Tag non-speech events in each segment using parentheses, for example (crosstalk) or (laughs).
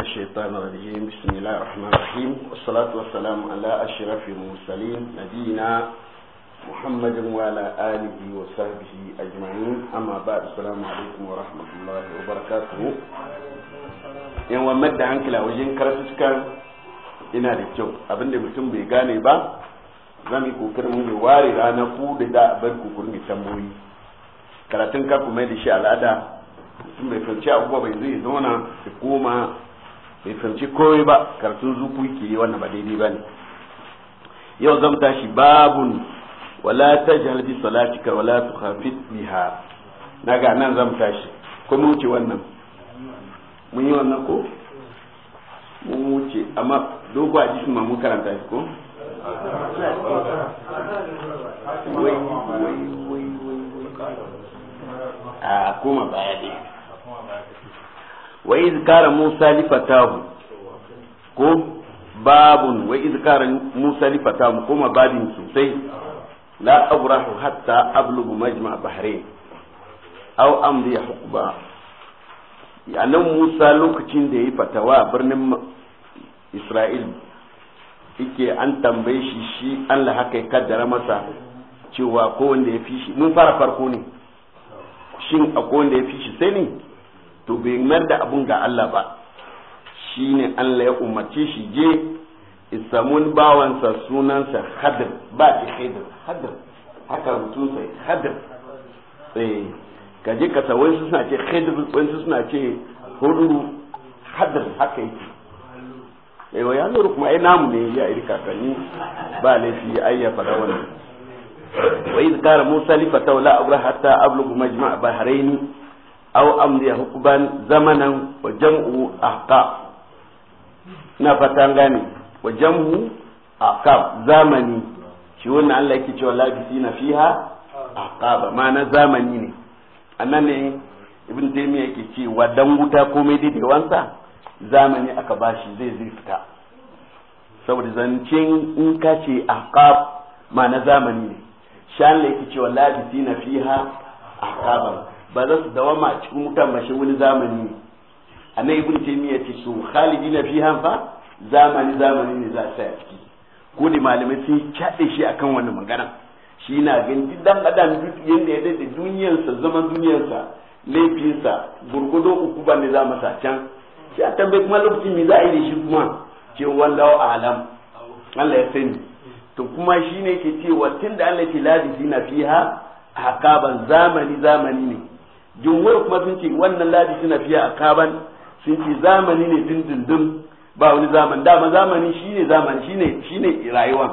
الشيطان الرجيم بسم الله الرحمن الرحيم والصلاة والسلام على أشرف المرسلين نبينا محمد وعلى آله وصحبه أجمعين أما بعد السلام عليكم ورحمة الله وبركاته yan wa madda hankila wajen karatukan ina da kyau abinda mutum bai gane ba za mu yi kokarin mu ware rana ku da za bar ku kurin tambayoyi karatun ka mai da shi al'ada mutum bai fahimci abubuwa bai zai zauna su koma bai fahimci kowai ba karatun zuku yake yi wannan ba daidai ba ne yau zan tashi babun wala tajhal bi salatika wala hafi biha ga nan zan tashi ko mu wuce wannan mun yi wannan ko mun wuce amma dogo a jikin ma mun karanta shi ko a koma baya dai wa izkara musa li fatahu ko babun wa izkara musa li fatahu kuma babin sosai la abrahu hatta ablugu majma bahrain aw amri hukba nan musa lokacin da yayi fatawa a birnin isra'il yake an tambaye shi shi Allah haka ya kaddara masa cewa ko wanda ya fi shi mun fara farko ne shin akwai wanda ya fi shi sai ne to bai mayar da abun ga Allah ba shine Allah ya umarci shi je isamun bawansa sunansa hadir ba ki hadir hadir haka sai hadir eh ka je ka sawai su suna ce hadir wani suna ce hudu hadir haka yake eh wa yanzu kuma ai namu ne ya iri kakanni ba laifi ai ya fara wannan wa iz qara musa li fatawla abraha hatta ablughu majma'a أو أمر hukban زمنا وجمع jam'u ahqab na fatan gane wa jam'u ahqab zamani shi wannan Allah yake cewa labisina fiha ahqaba ma'ana zamani ne ibn yake wa dan wuta komai wansa, zamani aka bashi zai zai fita saboda zancen in ka ce ma ma'ana zamani ne shan yake cewa labisina fiha ahqaba ba za su dawama a cikin mutan ba wani zamani ne annabi ibn miya ce su na fiha fa zamani zamani ne za su a ciki ko da malamai sun kyade shi akan wani magana shi na ganin dan adam duk yanda ya daɗe duniyarsa zaman duniyarsa laifinsa gurgudo uku ba ne za masa can sai a tambayi kuma lokacin me za a yi da shi kuma ce wallahu alam Allah ya sani to kuma shi ne ke cewa da Allah ke ladi na fiha hakaban zamani zamani ne jumhur kuma sun ce wannan ladi suna fiya a kaban sun ce zamani ne dindindin ba wani zamani dama zamani shine zamani shine shine rayuwa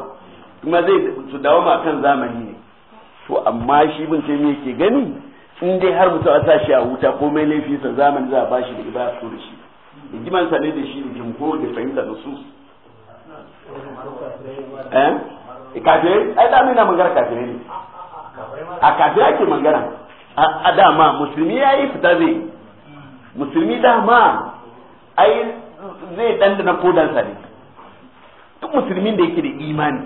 kuma zai su dawo ma kan zamani ne to amma shi bin sai me yake gani in dai har mutum a sa shi a wuta mai laifi sa zamani za a bashi da ibada to da shi hikiman sa ne da shi jumhur da fahimta da su eh kafirai ai da mina na magana kafirai ne a kafirai ake magana a dama musulmi ya yi fita zai musulmi dama ai zai dandana kodansa ne duk musulmin da yake da imani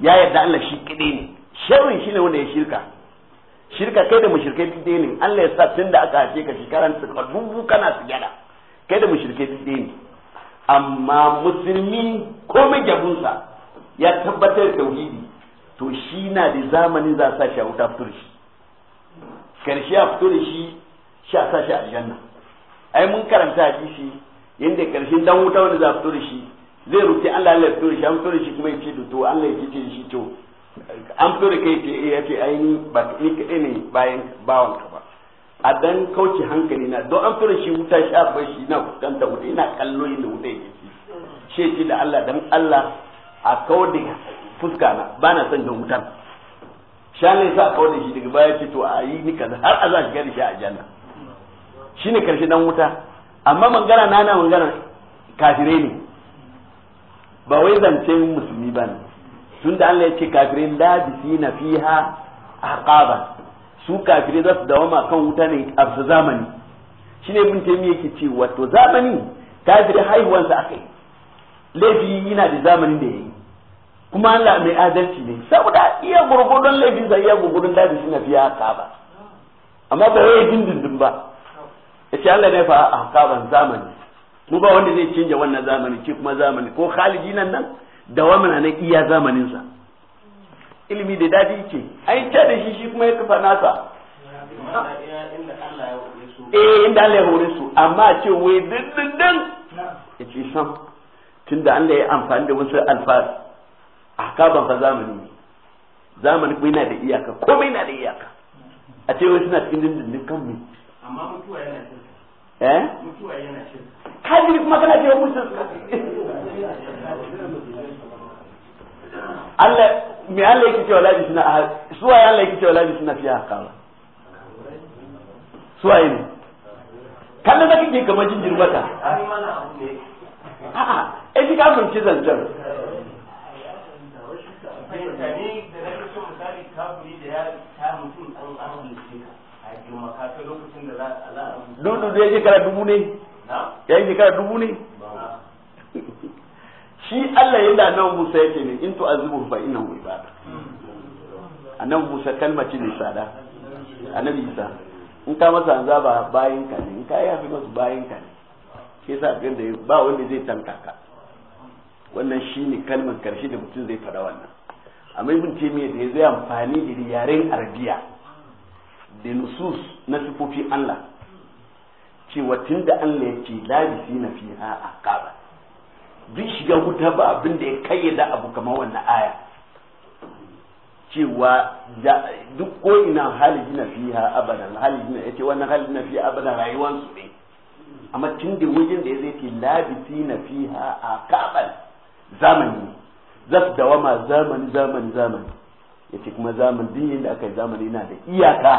ya yarda Allah shi kide ne sharrin shi ne wanda ya shirka shirka kai da mushrikai duk ɗaya ne Allah ya sa tun da aka hace ka shekaran ka dubu kana sujada kai da mushrikai duk ɗaya ne amma musulmi komai gabunsa ya tabbatar da tauhidi to shi na da zamani za a sa shi a wuta fitur shi karshe a fito da shi sha sa shi aljanna ai mun karanta a jisi yadda karshen dan wuta wanda za a fito da shi zai rufe Allah ya fito da shi an fito da shi kuma ya ce da to Allah ya ce da shi to an fito da kai ce eh, ya ce ai ni ba ni kaɗai ne bayan bawan ka ba a dan kauce hankali na don an fito da shi wuta sha bar shi na kusanta wuta ina kallo da wuta yake ci ce ce da Allah dan Allah a kawo da fuska na ba na son da wutan shane sa kawar da shi daga baya ce to a yi ni kaza har a za shiga da shi a janna ne karshe dan wuta amma mangana na na mangana kafire ne ba wai zancen musulmi ba ne tunda Allah ya ce kafire bisi na fi a aqaba su kafire za su dawama kan wuta ne a zamani ne bin taymiya yake ce wato zamani kafire haihuwansa yi laifi yana da zamani da yi. kuma Allah mai adalci ne saboda iya gurgurdun laifin sa iya gurgurdun shi na fiya haka ba amma ba wai dindindin ba yace Allah ne fa a kaban zamani mu ba wanda zai canja wannan zamani ce kuma zamani ko khaliji nan nan dawamana na iya zamanin sa ilimi da dadi ce ai ta da shi shi kuma ya kafa nasa eh inda Allah ya hore su amma ce wai dindindin yace sam tunda Allah ya amfani da wasu alfasi ahkaban fa zamani ne zamani kuma yana da iyaka komai na da iyaka a ce wai suna cikin dindindin kan mu amma mutuwa yana shirka eh mutuwa yana shirka kaji kuma kana ce musu Allah me Allah yake cewa lafi suna ahad suwaye Allah yake cewa lafi suna fiya ahkama suwaye ne kan da kike kamar jinjin wata a'a eh shi ka fahimci zanzan sai mutane da na kaso misali kafiri da ya ta mutum an an halice ka a girma ka kai lokacin da za a za a dudu da ya shekara dubu ne ya yi shekara dubu ne (laughs) shi Allah yana nan Musa yake ne in to tu'azibu fa innahu ibada annabi Musa kalma ce ne sada annabi Isa in ka masa azaba bayin ka ne in ka yafi masu bayin ka ne shi yasa ga da ba wanda zai tanka ka wannan shi ne kalmar karshe da mutum zai fada wannan amma ibn taymiya da zai amfani da yaren arabiya da nusus na sifofi Allah cewa tunda Allah ya ce labisi na fi ha a aqaba duk shiga wuta ba abin da ya kayyada abu kamar wannan aya cewa duk ko ina haliji na fiha abadan haliji na yace wannan haliji na fiha abadan rayuwansu ne amma tun da wajen da ya zai ke labisi na fi ha a kabar zamani za su dawama zamani zamani zamani ya ce kuma zamani din yadda aka yi zamani na da iyaka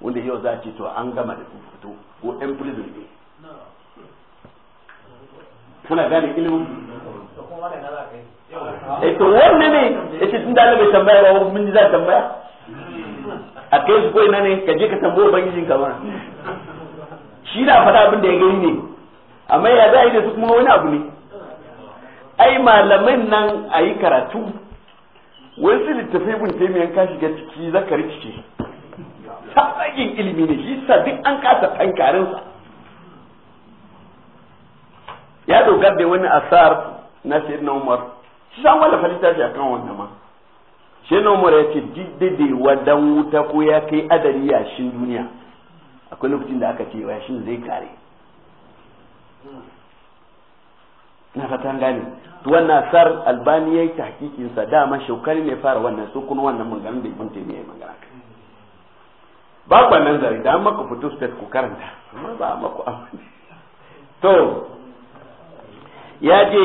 wanda yau za ce to an gama da fito ko ɗan prison ne kuna gane ilimin e to wanne ne ya ce tun da bai tambaya ba wani mun za tambaya a kai su kawai na ne ka je ka tambaya ubangijin kamar mana shi na faɗa abin da ya gani ne amma ya za a yi da su kuma wani abu ne ai malamin nan a yi karatu wani su littafai bin an kashi ga ciki zakari ciki sabagin ilimi ne shi sa duk an kasa tankarinsa ya dogar da wani asar na na umar shi san wallafa littafi akan wannan ma shi na umar ya ce diddidewa dan wuta ko ya kai adari yashin duniya akwai lokacin da aka ce yashin zai kare na fatan gane wannan sar albani yayi ta hakikin sa dama shaukari ne fara wannan su kuma wannan maganganun da ibn taymiya ya magana ba ku nan zari da maka fito state ku karanta amma ba maku amfani to ya je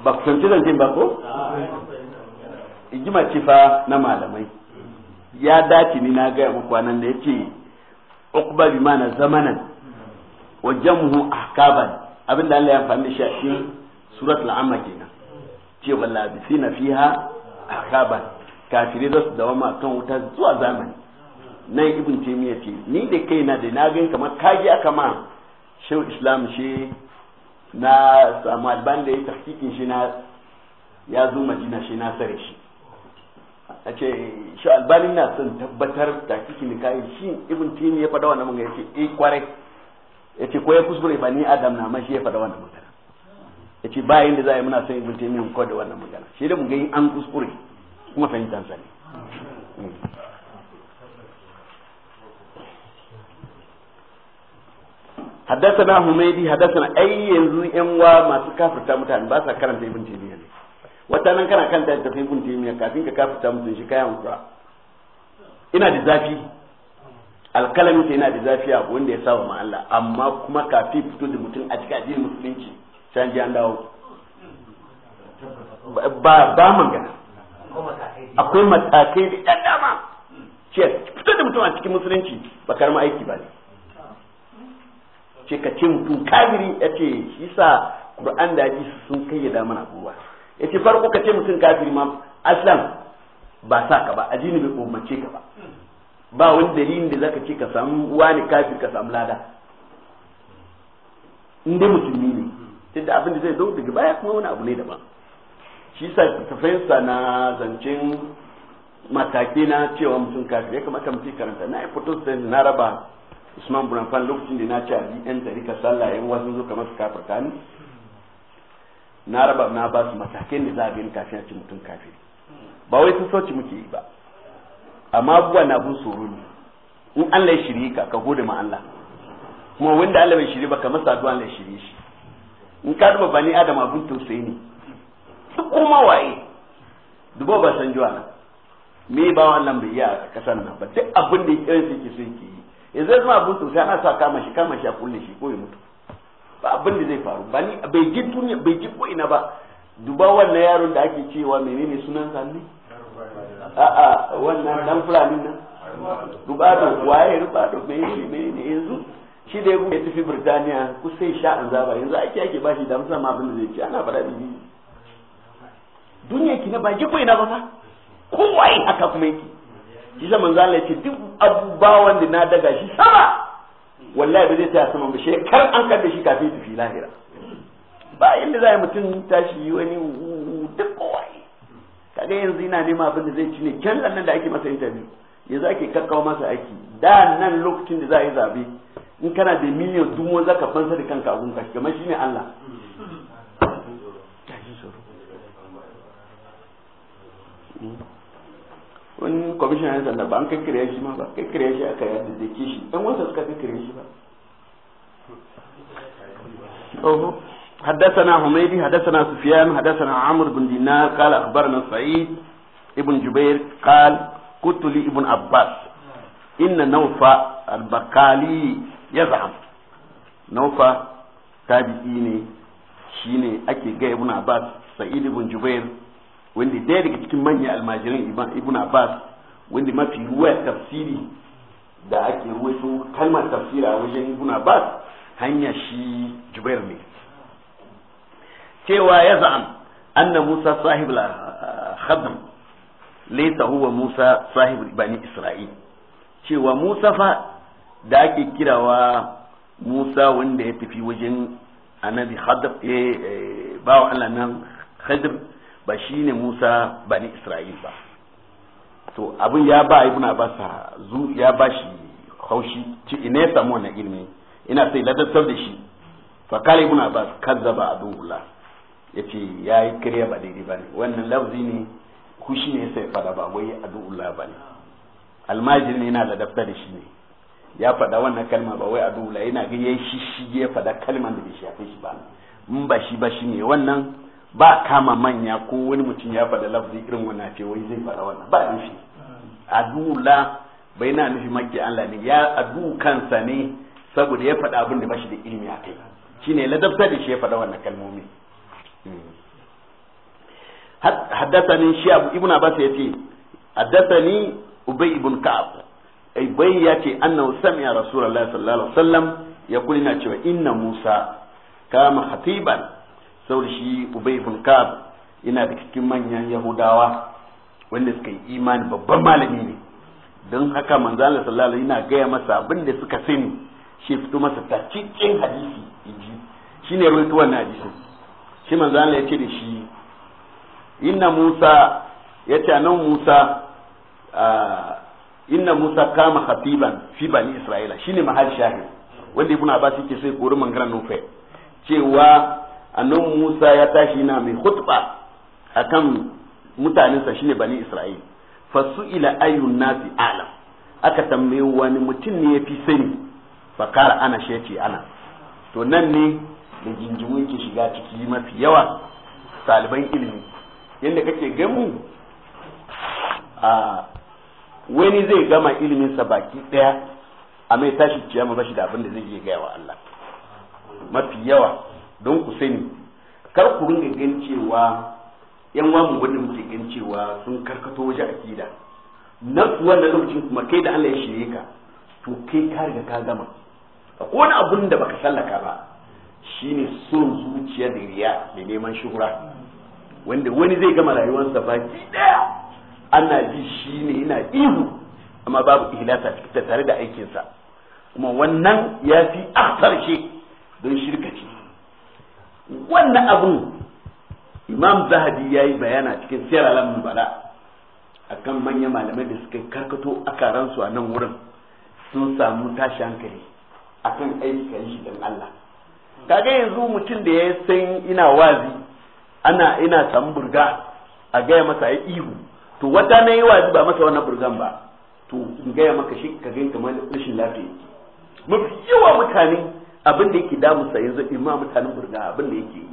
ba ku san zan ba ko igima cifa fa na malamai ya dace ni na gaya muku nan da yace uqba bi mana zamanan wa jamhu ahkaban abin da Allah ya amfani da shi a cikin surat al'amma kenan cewa na fiha akaban kafirai za su dawama kan wuta zuwa zamani nan ibn taymiya ce ni da kaina da na gan kamar kaji aka ma shehu islam shi na samu alban da ya tafkikin shi na ya zo madina shi na sare shi a ce shi albani na son tabbatar da kikin kai shi ibn taymiya ya faɗa wannan mun ga yace eh kwarai yace ko ya kuskure ba ni adam na ma shi ya faɗa wannan magana yace ba yin za a yi muna son ibn taymiyyah ko da wannan magana shi da mu ga an kuskure kuma fahimtar sa ne حدثنا حميدي na ai yanzu ان وا ما كافرتا متان با سا كرanta ibn taymiya ne wata nan kana kanta da ibn taymiya kafin ka kafirta mutane shi kayan kura ina da zafi alkalami ta yana da zafiya wanda ya saba ma Allah amma kuma kafin fito da mutum a cikin addinin musulunci can ji an dawo ba ba magana akwai matakai da ɗan dama ce fito da mutum a cikin musulunci ba karma aiki ba ne ce ka ce mutum kafiri ya ce shi sa Qur'an da hadisi sun ya damar abubuwa ya ce farko ka ce mutum kafiri ma aslan ba sa ka ba addini bai umarce ka ba ba wani dalilin da zaka ce ka samu wani kafi ka samu lada inda dai musulmi ne tunda abin da zai zo daga baya kuma wani abu ne daban shi sa tafayinsa na zancen mataki na cewa mutum kafir ya kamata mutum karanta na yi fito sai na raba usman bunafan lokacin da na ci a yan tarika sallah yan wasu zo kamar su kafirta ni na raba na ba su matakin da za a biyan kafin a ci mutum kafiri ba wai sun sauci muke yi ba amma abubuwa na abun tsoro ne in Allah ya shirye ka ka gode ma Allah kuma wanda Allah bai shirye ba ka masa addu'a Allah ya shirye shi in ka duba bani adam abun tausayi ne duk kuma waye duba ba san juwa na me ba wannan bai yi a kasar nan ba duk abin da yake sai ke sai ke yi yanzu zama abin tausayi ana sa kama shi kama shi a kulle shi ko ya mutu ba abin da zai faru bani bai ji duniya bai ji ko ina ba duba wannan yaron da ake cewa menene sunan sa ne a'a wannan dan fulani nan rubado waye rubado me ne me ne yanzu shi da ya tafi birtaniya sai sha an zaba yanzu ake ake bashi da ma abin da zai ci ana faɗa ni duniya ki na baki ko ina ba fa kowai yi haka kuma yake shi zaman zalla ce duk abubawan da na daga shi sama wallahi ba zai taya sama ba shekar an ka da shi kafin tafi lahira ba inda za a mutum tashi wani duk kowa kaga yanzu ina nema abin da zai ci ne can nan da ake masa interview za ke kakkawa masa aiki da nan lokacin da za a yi zabe in kana da miliyan dumo za ka fansa da kanka abun kashi kamar shi ne Allah wani kwamishin yan sanda ba an kakkirya shi ma ba kakkirya shi aka yadda da ke shi ɗan wasa suka kakkirya shi ba حدثنا حميدي حدثنا سفيان حدثنا عمرو بن دينار قال أخبرنا سعيد ابن جبير قال قلت لابن عباس إن نوفا البقالي يزعم نوفا تابعيني شيني أكي جاي ابن عباس سعيد ابن جبير wanda daya daga cikin manyan almajirin ibn abbas wanda mafi ruwa tafsiri da ake ruwaito kalmar tafsira wajen ibn abbas hanya shi cewa ya za'am anna Musa sahib al-khadam eh, laysa huwa Musa sahib bani Isra'il cewa Musa fa da ake kirawa Musa wanda ya tafi wajen annabi Khadab eh, eh bawo Allah nan Khadab ba shine Musa bani Isra'il ba to abin ya ba ibn Abbas zu ya ba shi haushi ci ina ya samu wannan ilimi ina sai ladabtar da shi fa kale ibn Abbas kazzaba adullah ya ce ya yi kirya ba daidai ba ne wannan lafzi ne kushi ne sai fada ba wai adu'ullah ba ne almajiri ne yana da daftar da shi ne ya fada wannan kalma ba wai adu'ullah yana ga ya shi shi ya fada kalman da bai shafe shi ba in ba shi ba shi ne wannan ba kama manya ko wani mutum ya fada lafzi irin wannan ce wai zai fada wannan ba nufi adu'ullah bai na nufi maki Allah ne ya adu kansa ne saboda ya fada abin da ba shi da ilimi a kai shine ladabta da shi ya fada wannan kalmomi haddathani shi abu ibn abbas yace haddathani ubay ibn ka'ab ubay yace annahu sami'a rasulullahi sallallahu alaihi wasallam yaqulu na cewa inna musa kama khatiban saboda shi ubay ibn ka'ab yana da cikin manyan yahudawa wanda suka yi imani babban malami ne don haka manzo Allah sallallahu alaihi yana gaya masa abin da suka sani shi fito masa ta cikin hadisi yaji shine ruwaito wannan hadisin shi manzo Allah ya ce da shi inna musa ya ce nan musa inna musa kama khatiban fi bani isra'ila shine mahal shahi wanda ibn abbas yake sai ya mangaran nufai cewa annan musa ya tashi na mai khutba akan mutanensa shine bani isra'ila fasu ila ayyun nasi alam aka tambaye wani mutum ne yafi fi sani fakara ana shi ana to nan ne da jinjimu yake shiga ciki mafi yawa ɗaliban ilimi yadda kake gamu a wani zai gama ilimin sa baki daya a mai tashi ciyama bashi da abin da zai iya gaya wa Allah mafi yawa don ku sani kar ku ringa gan yan wa mun wanda muke gan cewa sun karkato waje akida na wannan lokacin kuma kai da Allah ya shirye ka to kai ka riga ka gama ko wani abun da baka sallaka ba shine son zuciya da riya da neman shuhura wanda wani zai gama rayuwarsa baki daya ana ji shi ne yana ihu amma babu ihlasa ta tare da aikinsa kuma wannan ya fi shi don shirka wannan abun imam zahabi ya yi bayana cikin siyar alamun bala akan manyan malamai da suka karkato akaransu a nan wurin sun samu tashi hankali akan ayyukan shi don Allah kaga yanzu mutum da ya san ina wazi ana ina samu burga a gaya masa ya ihu to wata na yi wazi ba masa wannan burgan ba to in gaya maka shi ka gani kamar rashin lafiya mafi yawa mutane abin da yake damunsa yanzu imma mutanen burga abin da yake yi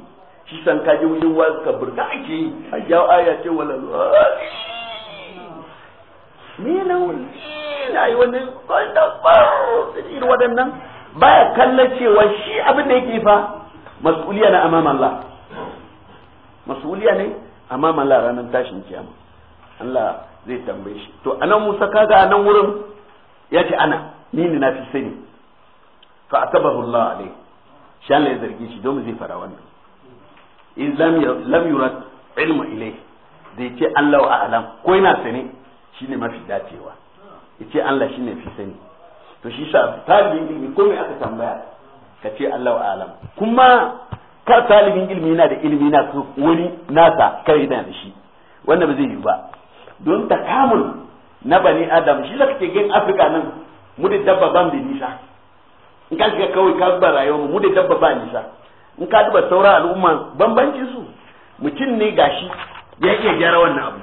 shi san ka je wajen wazi ka burga ake yi a jawo aya ce wala ne na wani na yi wani kwallon ba irin waɗannan baya kallon cewa shi abin da yake fa mas'uliya na amama Allah masuliya ne amma mala ranar tashin kiyama Allah zai tambaye shi to anan Musa kaga anan wurin ya ce ana ni ne na fi sani fa akabahu Allah alai shi Allah ya zargi shi domin zai fara wannan in lam yurad ilmu ilai da ce Allah wa alam ko yana sani shine mafi dacewa yace Allah shine fi sani to shi sa talibin ko me aka tambaya ka ce Allah wa alam kuma kar talibin ilimi yana da ilimi na wani nasa kai yana da shi wanda ba zai yi ba don takamul na bani adam shi zaka ke gen afirka nan mu da dabba ban da nisa in ka shiga kawai ka zuba rayuwar mu da dabba ba nisa in ka duba saura al'umma bambanci su mutum ne gashi ya iya gyara wannan abu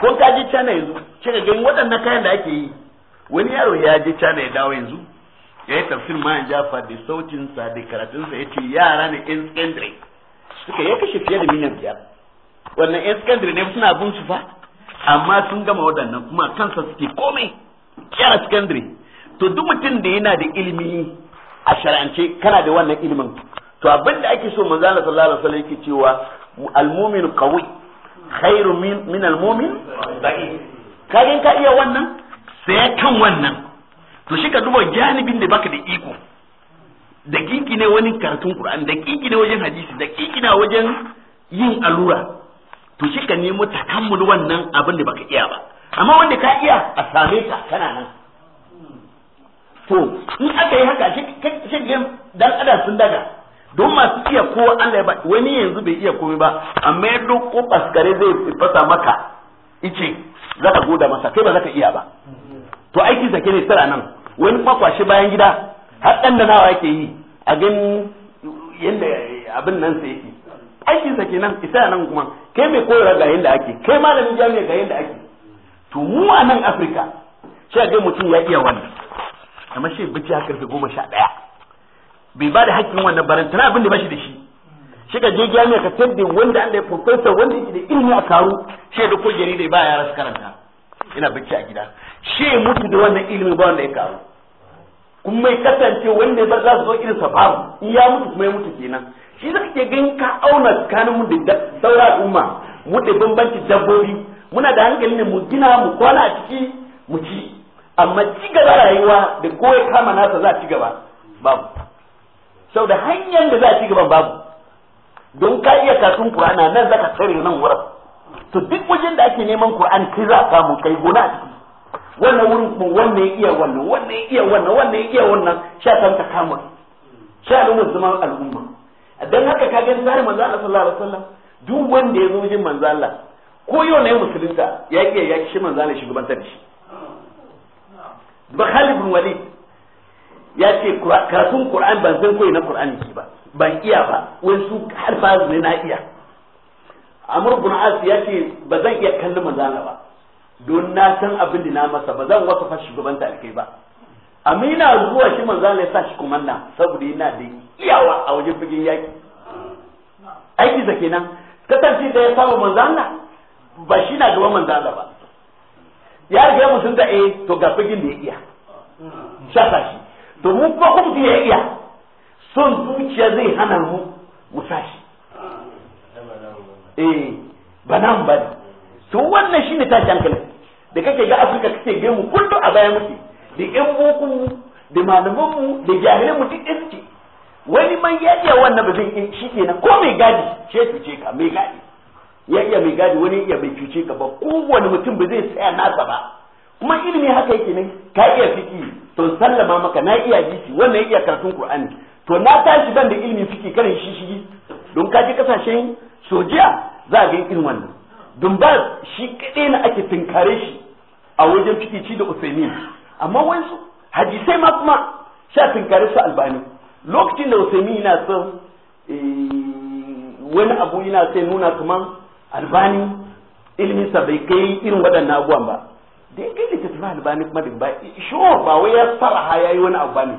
ko ka je cana yanzu kika ga waɗannan kayan da ake yi wani yaro ya je cana ya dawo yanzu ya yi tafsir ma jafa da sautinsa da karatunsa ya ce yara ne yan secondary suka ya kashe fiye da miliyan biyar wannan yan secondary ne suna bin su fa amma sun gama waɗannan kuma kansa suke komai yara secondary to duk mutum da yana da ilimi a shar'ance kana da wannan ilimin to abin da ake so manzo Allah sallallahu alaihi wasallam yake cewa al-mu'min qawi khairu min al-mu'min da'if ka iya wannan sai kan wannan to shi ka duba janibin da baka da iko da kiki ne wani karatun Qur'an da kiki ne wajen hadisi da kiki ne wajen yin allura to shi ka nemo takammul wannan abin da baka iya ba amma wanda ka iya a same ka kana nan to in aka yi haka shi dan adam sun daga don masu iya kowa Allah ya ba wani yanzu bai iya komai ba amma ya duk ko zai fasa maka ice zaka goda masa kai ba ka iya ba to aikin sa ne tsara nan wani kwakwashi bayan gida har dan da nawa yake yi a gan yanda abin nan sa yake aikin sa kenan isa nan kuma kai mai koyarwa ga yanda ake kai malamin jami'a ga yanda ake to mu a nan Afirka sai ga mutum ya iya wannan amma shi bacci a karfe goma sha ɗaya bai ba da hakkin wannan tana abin da ba shi da shi shi ka je jami'a ka tabbe wanda da ya professor wanda yake da ilimi a karu shi da ko jarida ba yara su karanta ina bacci a gida she mutu da wannan ilimi ba wanda ya karu kuma mai kasance wanda ba za su zo irin safaru in ya mutu kuma ya mutu kenan shi zaka ke gani ka auna tsakanin mu da saura al'umma mu da bambanci dabbobi muna da hankali ne mu gina mu kwana a ciki mu ci amma ci gaba rayuwa da kowa kama nasa za a ci gaba babu sau da hanyar da za a ci gaba babu don ka iya kasun Qur'ana nan zaka tsare nan wurin to duk wajen da ake neman Qur'an kai za ka mu kai gona a ciki wannan wurin kuma wannan ya iya wannan wannan ya iya wannan wannan ya iya wannan sha san ta kama sha al'umma zama al'umma dan haka ka ga tsarin manzo Allah sallallahu alaihi wasallam duk wanda ya zo wajen manzo Allah ko yau ne musulunta ya iya ya kishi manzo Allah shugabantar da shi ba Khalid bin Walid ya ce karatun Qur'an ban san koyi na Qur'ani ki ba ban iya ba wai su harfa ne na iya Amr bin As ya ce ba zan iya kallon manzo Allah ba don na san abin da na masa ba zan wasafa shugabanta alkai ba amina zuwa shi manzo Allah ya sa shi kumanna saboda yana da iyawa a wajen fagen yaki aiki sa kenan kasance da ya samu manzo Allah ba shi na gaban manzo Allah ba ya riga mu sun da eh to ga fagen da ya iya shaka shi to mu kuma kuma ya iya son zuciya zai hana mu mu sashi eh ba nan ba to wannan shine tashi hankalin da kake ga afirka kake ga mu kullum a baya muke da ƴan boko mu da malaman mu da jahilan mu duk iske wani man ya iya wannan ba zai in shi kenan ko mai gadi ce cuce ka mai gadi ya iya mai gadi wani iya mai cuce ka ba kowane mutum ba zai tsaya nasa ba kuma ilimi haka yake ne ka iya fiki to sallama maka na iya jiki wannan iya karatun qur'ani to na tashi ban da ilimi fiki karin shi don ka je kasashen sojiya za a ga irin wannan dumbar shi kaɗai na ake tinkare shi a wajen fikici da usaimin amma wansu hadisai ma kuma sha tunkari su albani lokacin da usaimin yana son eh, wani abu yana sai nuna kuma albani sa bai kai irin waɗannan abubuwan ba da ya kai tafi albani kuma daga baya eh, sure ba wai ya fara haya yi wani abu bane.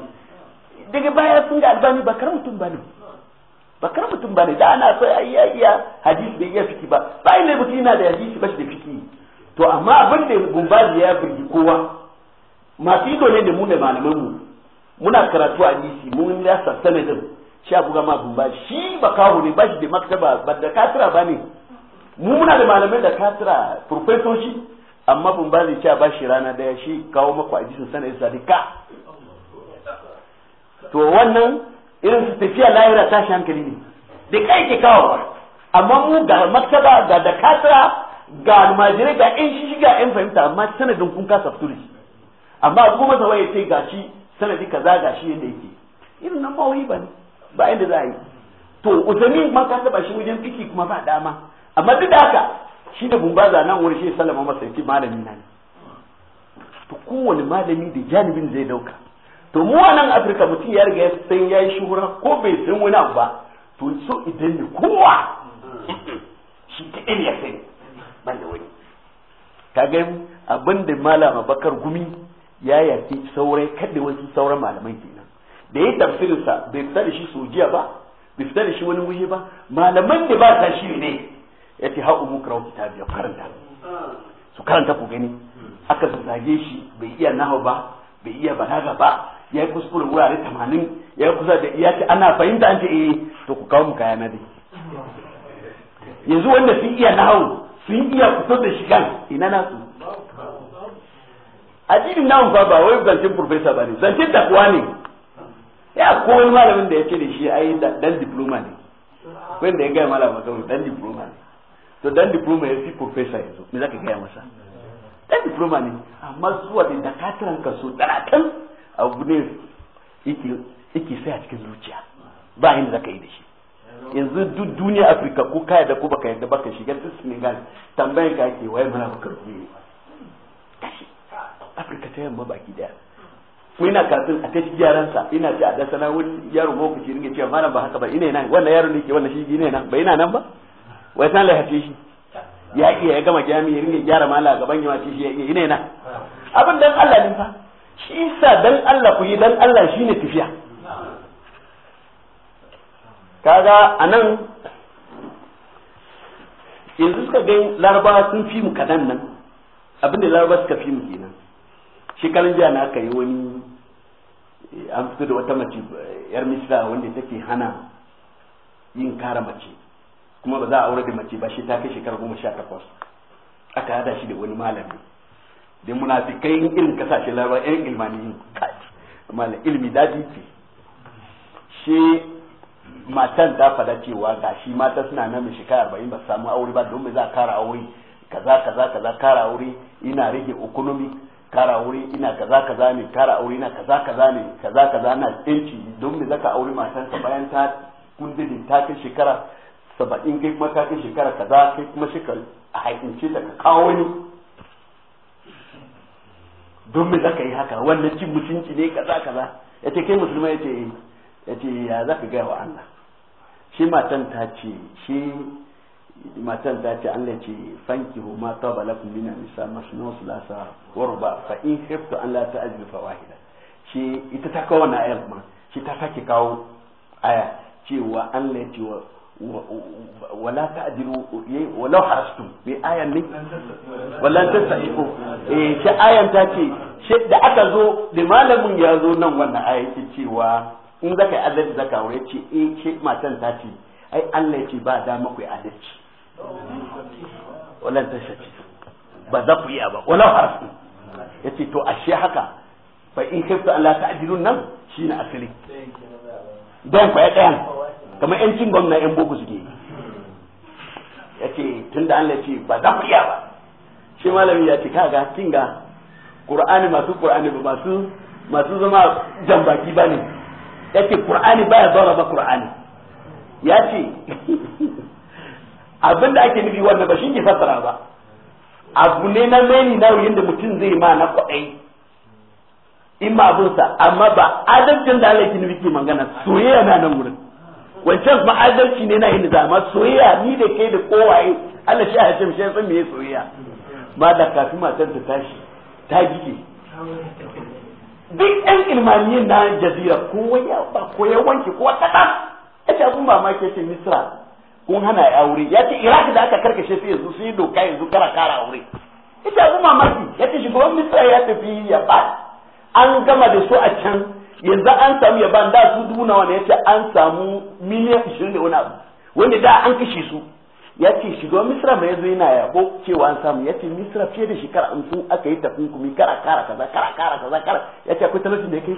daga baya sun ga albani ba karan mutum ba ne ba karan mutum ba ne da ana so ya iya hadisi bai iya fiki ba ba da mutum yana da hadisi ba shi da fiki to amma abin da gumbazi ya birgi kowa masu ido ne da mu da malaman mu muna karatu a DC mun ya sassana din shi abu gama gumbazi shi ba kawo ne ba shi da maktaba ba da katira ba ne mu muna da malamai da katira profesoshi amma gumbazi ce ba shi rana daya shi kawo maku a jisun sanar sadika to wannan irin su tafiya lahira tashi hankali ne da kai ke kawo amma mu ga maktaba ga da katira ga almajirai ga in shi ga in fahimta amma sanadin kun kasa fituri amma a kuma masa waye sai gashi sanadi kaza gashi yanda yake irin nan ba wai bane ne ba inda za a yi to usami ma ka taba shi wajen fiki kuma ba dama amma duk da haka shi da bumbaza nan wani shi sallama masa yake malamin nan to kowane malami da janibin zai dauka to mu a nan afirka mutum ya riga san ya yi shuhura ko bai san wani abu ba to so idan ne kowa shi kaɗai ya sani ban da wani kaga abin da malama bakar gumi ya yafi saurai kada wasu sauran malamai kenan da ya tafsirinsa bai fita da shi sojiya ba bai fita da shi wani wuje ba malaman da ba ta shi ne ya ce ha'u kira wata biyar karanta su karanta ku gani aka zage shi bai iya nahu ba bai iya balaga ba ya yi kuskure wurare tamanin ya yi kusa da ya ce ana fahimta an ce eh to ku kawo mu kaya na dai yanzu wanda sun iya nahu sun iya fito da shigan ina nasu addinin na fa ba wai zancen profesa ba ne zancen takwa ne ya kowai malamin da ya ce da shi ai dan diploma ne wanda ya gaya malama kawai dan diploma ne to dan diploma ya fi profesa yanzu me zaka gaya masa dan diploma ne amma zuwa da dakataran kaso daratan abu ne yake sai a cikin zuciya ba inda zaka yi da shi yanzu duk duniya afirka ko ka yadda ko baka yadda baka shiga ta senegal tambayan ka ake waye mana baka rufe ne afirka ta yamma baki daya ko ina kafin a tashi gyaransa ina ce a da sana wani yaro ko kuci ringa cewa mana ba haka ba ina nan wannan yaro ne ke wannan shi ne nan ba ina nan ba wai san lahace shi ya ke ya gama ya ringa gyara mala a gaban yawa shi ya ina nan abin dan Allah ne fa shi sa dan Allah ku yi dan Allah shine tafiya kaga a nan yanzu suka gan laraba sun fi mu kadan nan abinda da laraba suka fi mu kenan shekaran jiya na aka yi wani eh, an fito da wata mace eh, yar misra wanda take hana yin kara mace kuma ba za a aure da mace ba shi ta kai shekara goma sha takwas aka hada shi da wani malami da munafikai irin kasashe laraba yan ilmaniyin malam ilmi daji ce shi matan ta fada cewa gashi mata suna nan shekara arba'in ba samu aure ba don me za kara aure kaza kaza kaza kara aure ina rage economy kara aure ina kaza kaza ne kara aure ina kaza kaza ne kaza kaza na tsinci don me zaka aure matan ka bayan ta kundin ta kai shekara saba'in kai kuma ta kai shekara kaza kai kuma shekara a haikince ta ka kawo ni don me zaka yi haka wannan cin mutunci ne kaza kaza yace kai musulma yace yace ya zaka ga wa Allah shi matan ta ce shi matan ta ce Allah ce fanki hu ma ta balakum min nisa masnu sulasa warba fa in hiftu an la ta'jilu fa wahida shi ita ta kawo na ayar ma shi ta sake kawo aya cewa Allah ya ce wa wala ta'dilu walau harastum bi ayan ne wala tasaiku eh shi ayan ta ce shi da aka zo da malamin ya zo nan wannan ayati cewa in zaka yi adalci zaka aure ce in eh, ke matan ta ce ai Allah ya ce ba da muku yi adalci wallan ta shace ba za ku a ba walau harfi yace to ashe haka fa in kaifta Allah ta'dilun nan shine asali don ku ya ɗayan kamar yancin gwamna yan boko suke yi yace tunda Allah ya ce ba za ku a ba shi malami ya ce kaga kinga qur'ani masu qur'ani ba masu masu zama jambaki ba ne. yace qur'ani baya daraba qur'ani yace abinda ake nufi wannan ba shi ke fasara ba abu ne na meni na da mutum zai ma na kwaɗai in ma abinsa amma ba adalcin da Allah ke nufi ke magana soyayya na nan wurin wancan ma adalci ne na yin da amma soyayya ni da kai da kowaye Allah shi a hacin shi san me soyayya ma da kafin matar ta tashi ta gike. duk ɗan ilmaniyin na jazira ko ya wanke ko ta ya ce abun mamaki ya ce misra kun hana ya aure ya ce iraki da aka karkashe sai yanzu sun yi doka yanzu kara kara aure ya ce ba maki ya ce shugaban misra ya tafi ya ba an gama da su a can yanzu an samu ya ba da su dubu nawa ne ya ce an samu miliyan ishirin da wani abu wanda da an kashe su ya ce shigo misra mai zai na yabo cewa an samu ya ce misra fiye da shekara sun aka yi kuma kara kara za kara kara za kara ya ce akwai talaucin da ya kai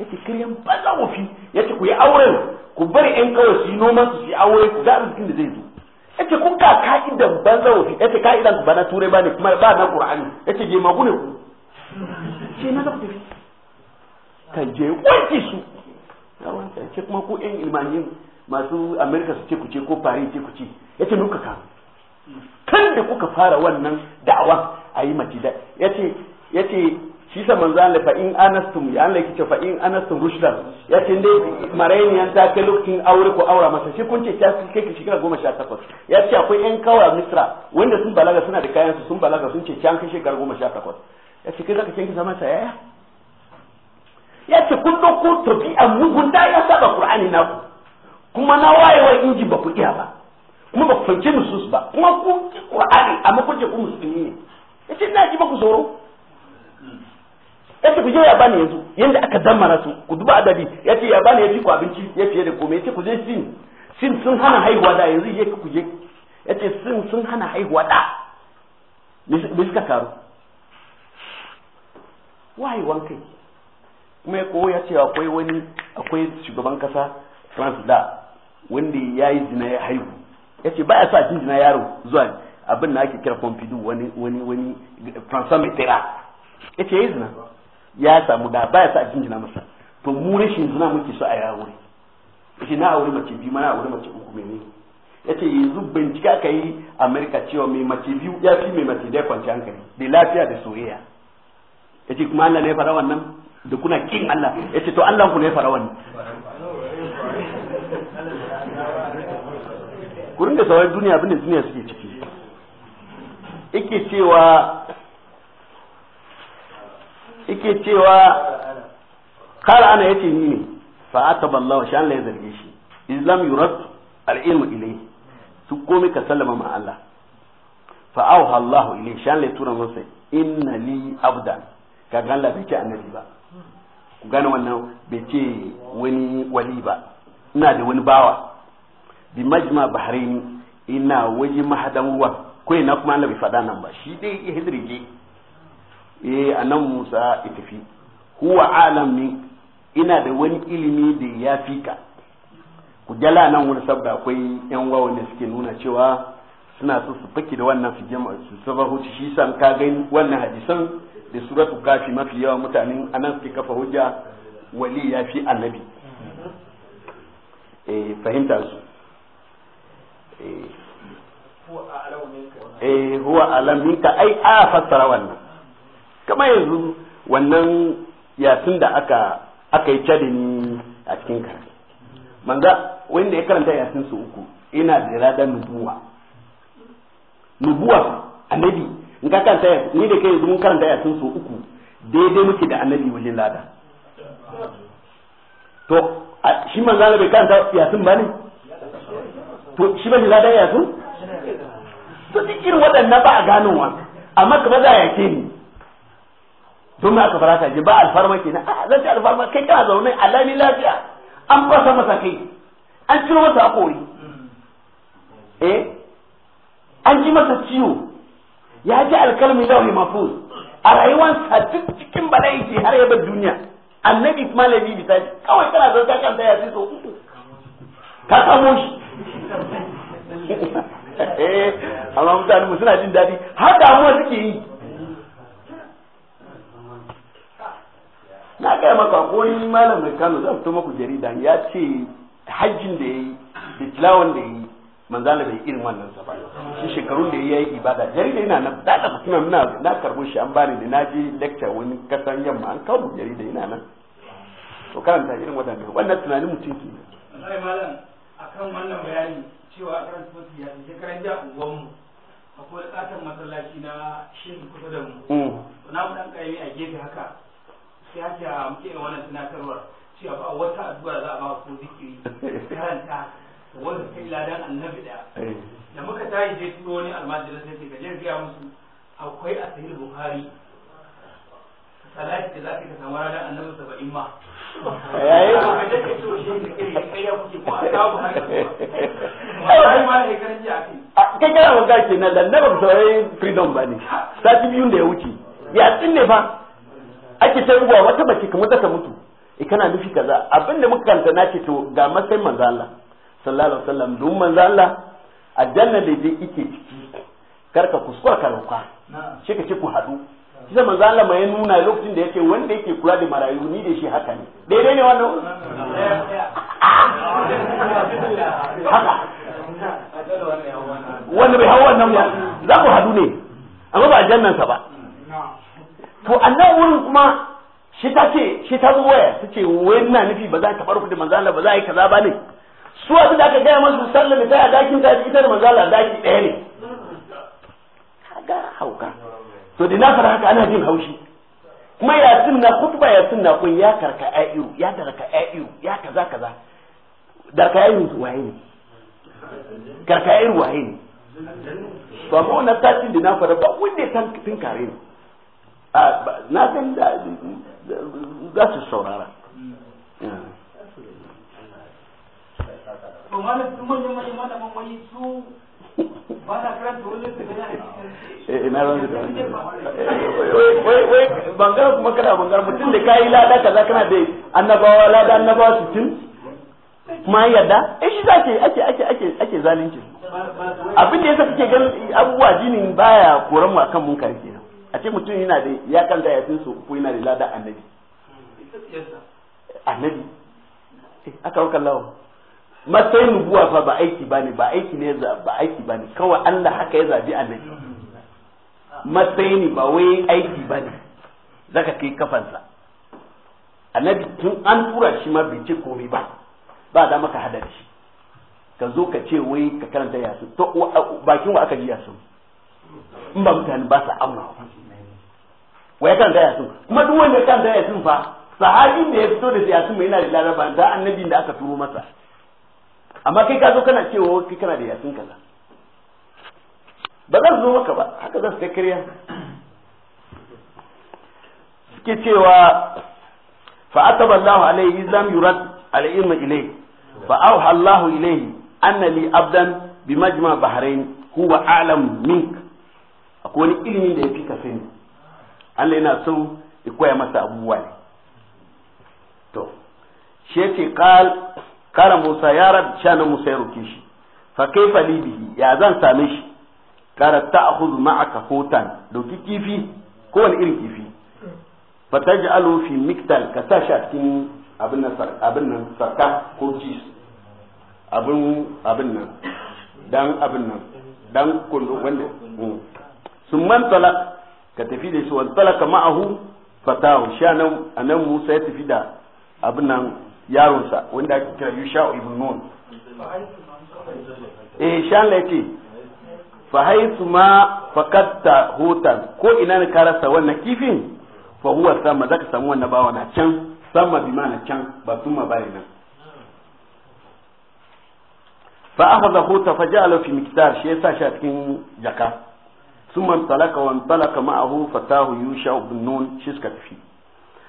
ya ce kiryan banza wofi ya ce ku yi auren ku bari yan kawai su yi noman su yi aure ku ga arzikin da zai zo ya ce kun ka ka'idan banza wofi ya ce ka'idan ku ba na turai ba ne kuma ba na qur'ani ya ce gema ku ne ku ce na zafi kan je wanke su ya wanke ce kuma ku yan ilmanin masu amerika su ce kuce ko fari ce kuce ya ce nuka kan kan da kuka fara wannan da'awa a yi mace da ya ce shi saman manzo Allah fa'in in anastum ya an yake fa'in fa in anastum rushdan ya ce dai marayin ta kai lokacin aure ko aura masa shi kun ce ta kai ki shekara goma sha takwas ya ce akwai yan kawar misra wanda sun balaga suna da kayan su sun balaga sun ce can kai shekara goma sha takwas ya ce kai zaka kinki zama sayaya ya ce kun ɗauko tabi'a mugun da ya saba qur'ani naku kuma na wayewa injin ba ku iya ba kuma ba ku fahimci nusus ba kuma ku qur'ani amma kun ce ku musulmi ne yace ina ji ba ku tsoro yace ku je ya bani yanzu yanda aka dammara su ku duba adabi yace ya bani yafi ku abinci ya fiye da komai yace ku je sin sin sun hana haihuwa da yanzu je ku je yace sin sun hana haihuwa da me suka karu wayewan kai kuma ya koya cewa akwai wani akwai shugaban kasa France da wanda ya yi zina ya haihu ya ce ya sa jin jina yaro zuwa abin na ake kira pompidu wani wani wani transamitera ya ce ya yi zina ya samu da ba ya sa jin jina masa to mu rashin zina muke so a yi aure ya ce na aure mace biyu mana aure mace uku mai ne ya ce yanzu bincike aka yi amerika cewa mai mace biyu ya fi mai mace daya kwanci hankali da lafiya da soyayya ya ce kuma allah ne ya fara wannan da kuna kin allah ya ce to allah ku ne ya fara wannan ku da sauran duniya abinda duniya suke ciki ike cewa ike cewa kala ana yace ni ne fa ataba Allah shi Allah ya zarge shi islam yurad al-ilmu ilayhi su komai ka sallama ma Allah fa auha Allah ilayhi shi Allah ya tura masa inna li abdan ka ga Allah bai ce annabi ba ku gane wannan bai ce wani wali ba ina da wani bawa bi majma bahraini ina waje mahadan ruwa ko ina kuma annabi fada nan ba shi dai ya hijirge eh anan Musa itifi tafi alam min ina da wani ilimi da ya ka ku jala nan wani sabda akwai yan wawa ne suke nuna cewa suna so su fake da wannan su jama su saba shi san ka gani wannan hadisan da suratu kafi mafi yawa mutanen anan suke kafa hujja wali ya fi annabi eh fahimta su eh huwa alam minka ai a fassara wannan kamar yanzu wannan yasin da aka aka yi cadini a cikin karfi manza wanda ya karanta yasin su uku ina da radar nubuwa nubuwa annabi in ka karanta ni da kai yanzu mun karanta yasin su uku daidai muke da annabi wajen lada to shi manzana bai karanta yasin ba ne to shi ba shi dai ya sun to duk irin waɗannan ba a ganowa amma ka za ya yake ni don haka fara ta ji ba alfarma na a zan ci alfarma kai kana zaune alami lafiya an fasa masa kai an ciro masa akori eh an ji masa ciwo ya ji alkalmi wani mafuz a rayuwarsa duk cikin bala'i har ya bar duniya annabi malami bisa kawai kana zanta kan ta ya so ka samu shi (laughs) eh amma mutane mu suna jin daɗi har damuwa suke yi na gaya maka ko ni malam mai Kano zan fito maku jarida ya ce hajjin da yayi da tilawan da yayi da bai irin wannan sa ba shi shekarun da yayi ibada jarida yana nan da da kuma muna na karbo shi an bani da naji lecture wani kasan yamma an kawo jarida yana nan to karanta irin wadannan wannan tunanin mutum ke malam kan wannan bayani cewa karan sosai ya ce karan jiya unguwanmu akwai katon masallaci na shirin kusa da mu mm. na mu dan a gefe haka sai haka a muke yin wannan tunatarwar cewa ba wata addu'a za a ba ko zikiri karanta wanda kai ladan annabi da eh. da muka tashi zai turo wani almajiri sai ka je ga musu akwai a sahih bukhari salati da zaka ka samu rana annabi saba'in ma yayi ko ka dake to shi ne kai kai ya kuke ko ta ba haka ma ne kan ji a kai kana wanda kenan da annabi saurayi freedom ba ne sati biyun da ya wuce ya tsinne fa ake ta ruwa wata mace kamar ta mutu e kana nufi kaza abin da muka kanta na ce to ga matsayin manzo Allah sallallahu alaihi wasallam don manzo Allah aljanna da yake ciki karka kuskura ka roka shi ka ce ku hadu shi manzo Allah mai nuna lokacin da yake wanda yake kula da marayu ni da shi haka ne daidai ne wannan haka wanda bai hawa wannan ba za ku hadu ne amma ba ka ba to annan wurin kuma shi ta ce shi ta zo waya ta ce wai ina nufi ba za ta faru da manzo Allah ba za a yi kaza ba ne su wasu da aka gaya masu sallama ta a dakin ta ita da manzo Allah daki ɗaya ne kaga hauka to da nasara haka ana jin haushi kuma ya sunna khutba ya sunna kun ya karka ayu ya karka ayu ya kaza kaza daraka ayu waye ne karka ayu waye ne to amma wannan tashin da na ba wanda ya san tun kare ne na san da za su saurara to malam sun manyan manyan malaman wani su Eh, kuma kana kaza kana da annabawa lada annabawa kuma yadda eh shi ake baya koran akan munkari matsayin nubuwa fa ba aiki ne ba aiki ne ba aiki ne kawai Allah haka ya zabi annabi matsayi ne ba wai aiki ne zaka kai kafansa annabi tun an tura shi ma bai ce komai ba ba da maka hada shi ka zo ka ce wai ka karanta yasu to bakin wa aka ji yasu in ba mutane ba su auna wa ya karanta yasu kuma duk wanda ya karanta yasu fa sahabin da ya fito da yasu mai yana da laraba da annabi da aka turo masa amma kai ka zo kana cewa wofi kana da yasin kaza ba za su zo maka ba haka za su ta kariya suke cewa fa ataba Allahu alaihi lam yurad al-ilm ilayhi fa awha Allahu ilayhi anna li abdan bi majma bahrain huwa a'lam mink akwai wani ilimi da yafi ka sani Allah yana so ya koya masa abubuwa ne to shi yace qal kare Musa ya rabu shanan Musa ya roke shi fa kaifa li bihi ya zan same shi ta akhudhu ma'aka hutan doki kifi ko wani irin kifi fa taj'alu fi miktal ka sa shi a cikin abin nan abin nan sarka ko jis abin abin nan dan abin nan dan kullu wanda mm. sun man talak ka tafi da shi wani talaka ma'ahu fatahu shi anan Musa ya tafi da abin nan yaronsa wanda ake kira yusha ibn nun eh shan lati fa haythu ma fakatta hutan ko ina ne karasa wannan kifin fa huwa sama zaka samu wannan bawa na can sama bi ma na can ba tuma bai nan fa akhadha hutan fa ja'ala fi miktar shi yasa shi a cikin jaka ثم انطلق وانطلق معه فتاه يوشع بن نون شسكت فيه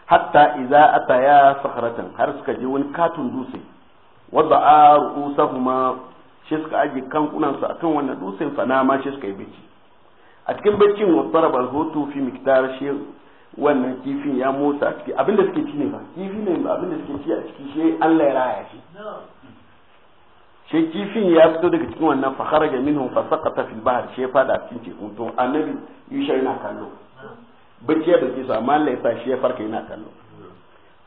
hatta iza ya sahratan har suka je wani katun dutse wadda a ru'usahuma shi suka aje kankunansu akan wannan dutsen ma shi suka yi biki a cikin baccin wasara balhoto fi miktar shi wannan kifin ya motsa a ciki abinda suke ci ne ba kifi ne abinda suke ci a ciki shi Allah ya raya shi shi kifin ya fito daga cikin wannan fakharaja minhum fasaqata fil bahr shi fada cikin teku to annabi yusha yana kallo bacci da dauke su amma Allah ya sa shi ya farka yana kallo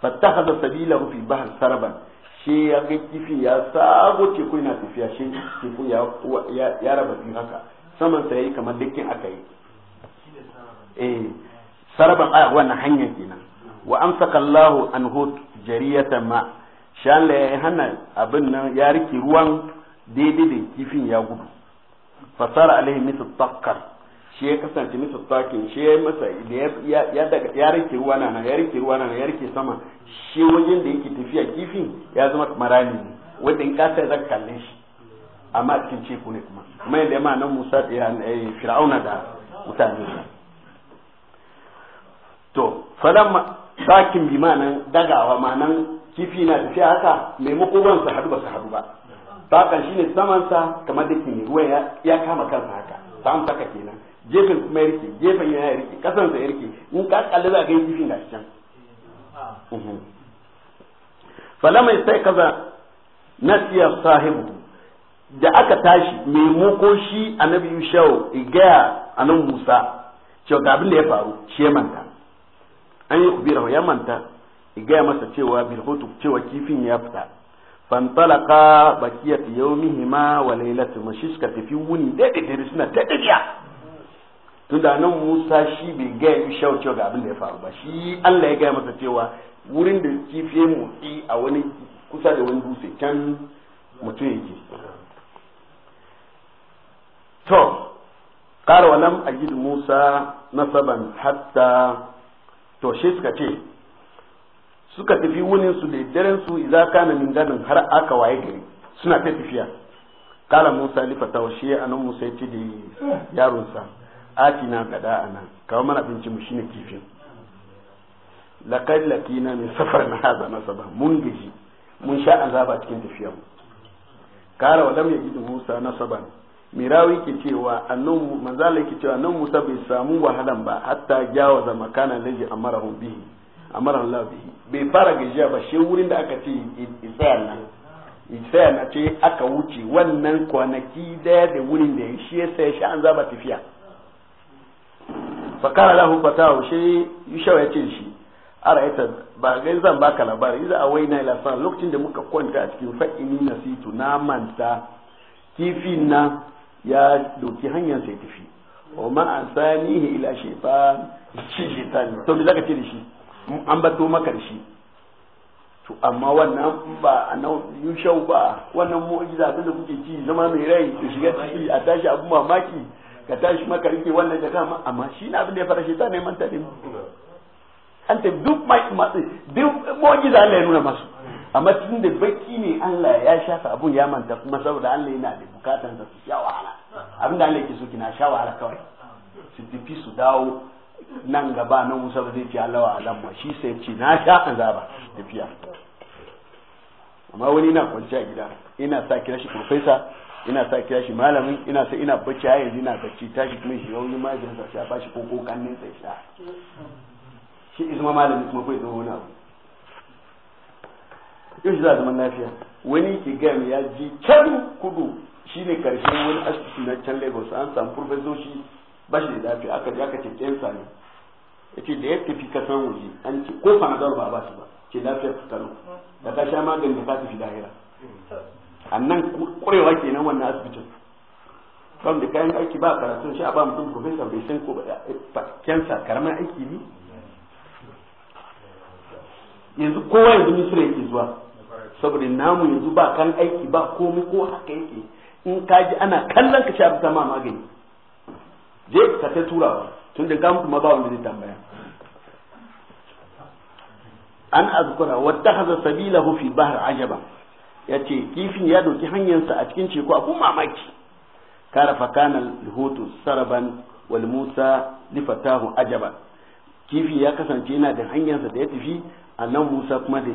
fattakhadha sabilahu fi bahr sarban shi ya ga kifi ya sabo teku yana tafiya shi teku ya ya raba biyu haka saman sa yayi kamar dukkin aka yi eh sarban a wannan hanyar kenan wa amsaka Allahu anhu jariyatan ma shan Allah ya hana abin nan ya riki ruwan daidai da kifin ya gudu fasara alaihi mithl takkar shi ya kasance masa sakin shi ya masa ya rike ruwa na ya rike ruwa na ya rike sama shi wajen da yake tafiya kifin ya zama marami ne wanda in kasa zaka kalle shi amma a cikin ceku ne kuma kuma yadda ma nan Musa da eh, eh, Fir'auna da mutane to falan sakin bi nan dagawa ma nan kifi na tafiya haka mai makogon su haɗu ba su haɗu ba sakan shine samansa kamar da ke ruwa ya kama kansa haka samun saka kenan gefen kuma ya rike gefen ya rike kasan sa ya rike in ka kalli za ka yi kifin gashi can mhm. falama sai kaza nasiya sahibu da aka tashi mai muko shi a na annabi yushau igaya anan musa cewa ga abin da ya faru shi ya manta an yi kubira ya manta igaya masa cewa bilhutu cewa kifin ya fita fantalaka bakiyat yawmihima wa mashi mashishka tafi wuni da dare suna ta tunda nan Musa shi bai gaya mi shau ga abin da ya faru ba shi Allah ya gaya masa cewa wurin da kifiye motsi a wani kusa da wani dutse can mutum yake to kara walam ajid Musa nasaban hatta to shi suka ce suka tafi wurin su da daren su idza kana min gadin har aka waye gari suna ta tafiya qala Musa li taushe a anan Musa ya ce da yaronsa atina gada ana kawo mana abinci mu shine kifin la kina ne safar na na saba mun gaji mun sha azaba cikin tafiya mu kara wa lam yajidu musa na nasaban mirawi ke cewa annan manzala ke cewa nan musa bai samu wahalan ba hatta jawaza makana laji amarahu bihi amara Allah bihi bai fara gajiya ba shi wurin da aka ce isaya isana isaya na ce aka wuce wannan kwanaki daya da wurin da shi ya sai shi an zaba tafiya fakara lahu fatahu shi yushawa ya ce shi araita ba ga zan baka labari iza waina ila san lokacin da muka kwanta a cikin fa'ini nasitu na manta kifin na ya doki hanyar sai tafi wa ma asanihi ila shaytan shi shaytan to me ka ce da shi an bato maka da shi to amma wannan ba a nan yushau ba wannan mu'jiza da kuke ci zama mai rai to shiga ciki a tashi abu mamaki ka tashi maka rike wannan da ma amma shi na abin da ya fara shi ta neman ta nemi an ta duk mai duk duk za Allah ya nuna masu amma tun da baki ne Allah ya shafa abun ya manta kuma saboda Allah yana da bukatan da su sha wahala abin da Allah yake so kina sha wahala kawai su tafi su dawo nan gaba nan Musa ba zai ce Allah wa alam ma shi sai ce na sha azaba tafiya amma wani na kwanciya gida ina sa kira shi professor ina sa kira shi malamin ina sa ina bacci ya yanzu ina bacci tashi kuma shi yau ma jinsa sai ba shi koko kannin sai sha shi izma malami kuma kai zama wani abu yau shi za zaman lafiya wani ki gam ya ji can kudu shine karshen wani asibiti na can Lagos an samu profesoshi ba shi da lafiya aka ji aka ce kensa ne yace da ya tafi kasan waje an ce ko fanadol ba ba shi ba ce lafiya ta talo da ka sha magani da ka tafi dahira annan kurewa ke nan wannan asibitin kan da kayan aiki ba karatun shi a ba mutum profesa bai san ko ba kensa eh, karamin aiki ne yanzu kowa yanzu misira yake zuwa saboda namu yanzu ba kan aiki ba komai ko haka yake in ka ji ana kallon ka sha bisa ma magani je ka ta tura ba tun da ka mutu ma ba wanda zai tambaya an azkura wata haza sabila fi bahar ajaba ya ce kifin ya doki hanyarsa a cikin ceku a kuma mamaki kara fakana lihutu saraban wal musa lifatahu ajaban kifi ya kasance yana da hanyarsa da ya tafi a nan musa kuma da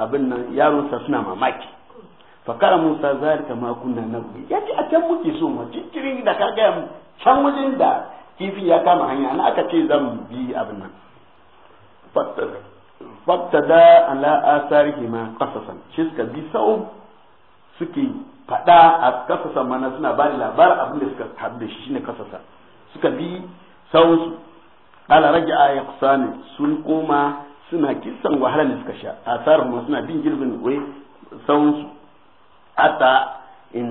abin nan yaronsa suna mamaki fakara musa zalika ma kunna gudu ya ce a can muke so mu cikin da ka can wajen da kifi ya kama hanya na aka ce zan bi abin nan faktada ala asarihima kasasan shi suka bi sau suke fada a kasasan mana suna ba da labar abin da suka haɗu da shi ne kasasa suka bi sau su ala rage a ya sun koma suna kisan wahala da suka sha asarar suna bin girbin wai sau su ata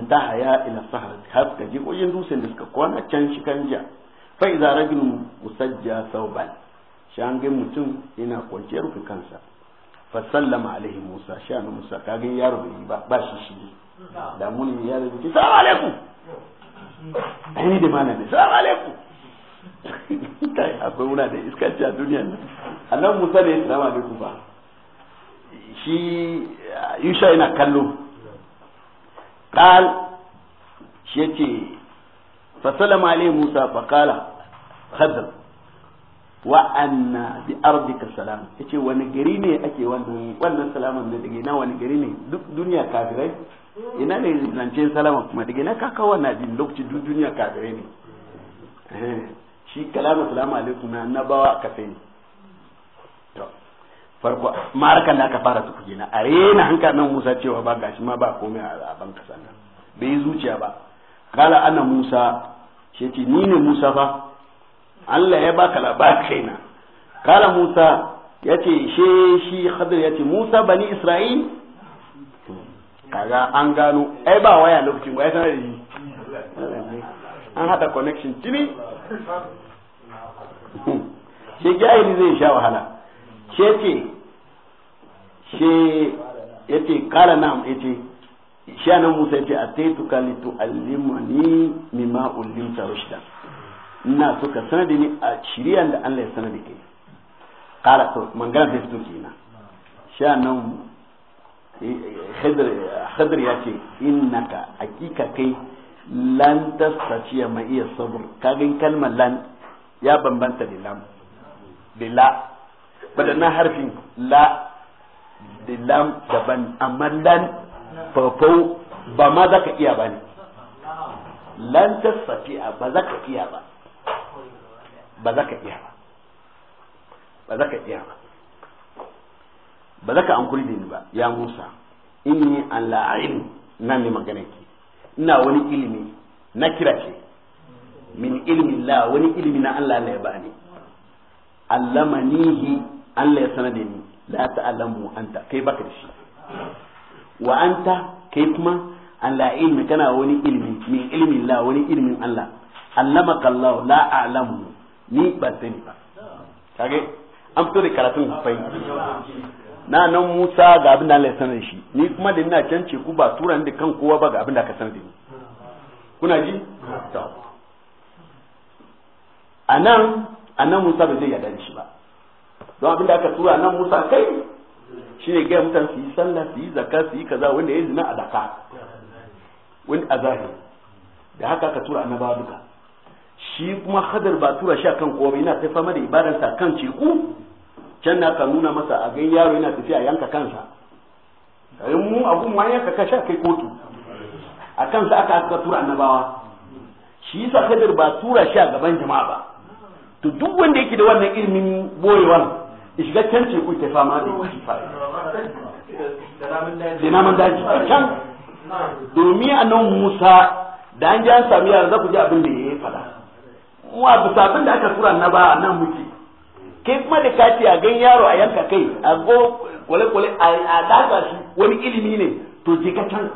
ta haya ila sahara har suka je wajen dutsen da suka kwana can shi kan jiya fa'iza ragin musajja sau sauban shangin mutum yana kwanciyar rufe kansa Fa sallama alaihi musa sha na musa gani yaro bai ba ba shi shi da muni ya da jiki salamu alaikum ai da mana ne salamu alaikum (laughs) kai akwai wuna da iska a duniya nan annan musa ne salamu alaikum ba shi yusha yana kallo qal shi yace sallama alaihi musa fa qala khadra wa anna bi ardika salam yace wani gari ne ake wannan wannan salaman ne daga na wani gari ne duk duniya kafirai ina ne ce salama kuma daga na kaka wannan din lokaci duk duniya kafirai ne eh, shi kalamu salamu alaikum na annabawa ka sai to farko marakan da aka fara su kuje na arena hanka nan Musa cewa ba gashi ma ba komai a ban kasa nan bai zuciya ba kala ana Musa shi ce ni ne Musa fa Allah ya baka labarin kaina kala Musa ya ce she shi Khadir ya ce Musa bani Isra'il kaga an gano ai ba waya lokacin ba ya sanar da shi an hada connection tini shi jahili zai sha wahala she ce she ya ce kala nam ya ce shi anan Musa ya ce a taituka litu allimani mimma ullimta rushdan ina so ka sanar ni a shirya da Allah ya sanadi kai kala to mangana da ke kenan sha nan khidr ya ce innaka hakika kai lan tastaciya ma iya sabur kagin kalmar lan ya bambanta da lam da la badannan harfin la da lam daban amma lan fafau ba ma za ka iya ba ne lan tastaciya ba za ka iya ba ba za ka iya ba ba za ka iya ba ba za ka an kuri ni ba ya musa inni an ne magana ina wani ilimi na kira ce min la wani ilimi na Allah ba ne Allah ya da ni la anta kai baka da shi wa anta kai kuma an la ilmi kana wani ilmi min ilmi la wani ilmin Allah la a'lamu ni ban sani ba kage an fito da karatun hufai na nan Musa ga abin da Allah ya sanar shi ni kuma da ina can ce ku ba ni da kan kowa ba ga abin da ka sanar da ni kuna ji to anan anan Musa bai zai yarda da shi ba don abin da aka tura nan Musa kai shine ga mutan su yi sallah su yi zakka su yi kaza wanda ya zina a daka wani a zahiri da haka aka tura annabawa duka shi kuma hadar ba tura shi kan kowa yana ta fama da ibadarsa kan ceku can na ka nuna masa a gan yaro yana tafiya yanka kansa sai mu abun ma yanka ka sha kai kotu a kansa aka aka tura annabawa shi yasa hadar ba tura shi a gaban jama'a ba to duk wanda yake da wannan ilimin boyewan shiga can ceku ta fama da kifa da namun daji can domin annabi Musa da an ji an sami yara za ku ji abin da ya yi faɗa wa bisafin da aka tura na ba nan muke kai kuma da kaci a gan yaro a yanka kai a go kwale kwale a dasa shi wani ilimi ne to je ka can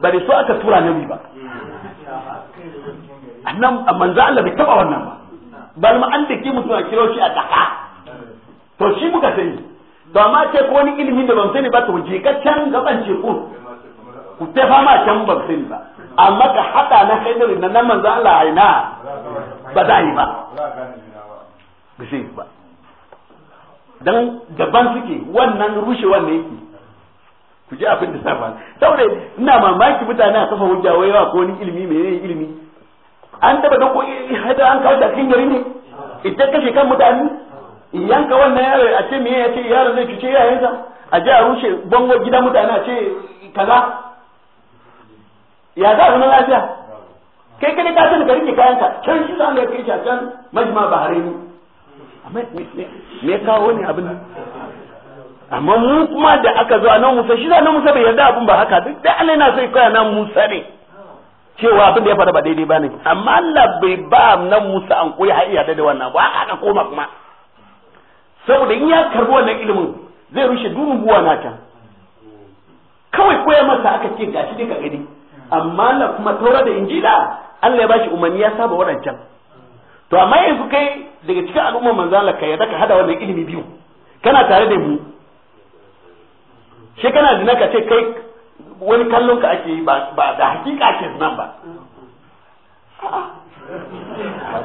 ba da so aka tura nabi ba annan manzo Allah bai taba wannan ba bal ma an da ke mutuwa a kiro shi a daka to shi muka sani to amma ce ko wani ilimi da ban sani ba to je ka can ban ce ku ku tafa ma can ban sani ba amma ka hada na kai na nan manzo Allah aina ba da yi ba ba sai ba dan gaban suke wannan rushe wannan yake ku ji abin da safa saboda ina mamaki mutane a kafa hujja wai ko ni ilimi me ne ilimi an taba da ko hada an kawo da kin gari ne idan kashe kan mutane yanka wannan yaro a ce me ya yaro zai cuce yayansa a ji a rushe bango gidan mutane a ce kaza ya za zama lafiya kai kai ka sani ka rike kayan ka can shi za mu kai shi a can majma bahrain amma me kawo ne abin amma mu kuma da aka zo a nan musa shi za nan musa bai yarda abin ba haka duk da Allah yana sai koya nan musa ne cewa abin da ya fara ba daidai ba ne amma Allah bai ba nan musa an koyi har yarda da wannan ba haka koma kuma saboda in ya karbi wannan ilimin zai rushe dubu buwa na can kawai koya masa aka ce gashi dai ka gani amma na kuma taura da injila Allah ya bashi umarni ya saba wadancan to amma yanzu kai daga cikin al'umma manzo Allah kai zaka hada wannan ilimi biyu kana tare da mu shi kana zina ka ce kai wani kallon ka ake yi ba da hakika ake nan ba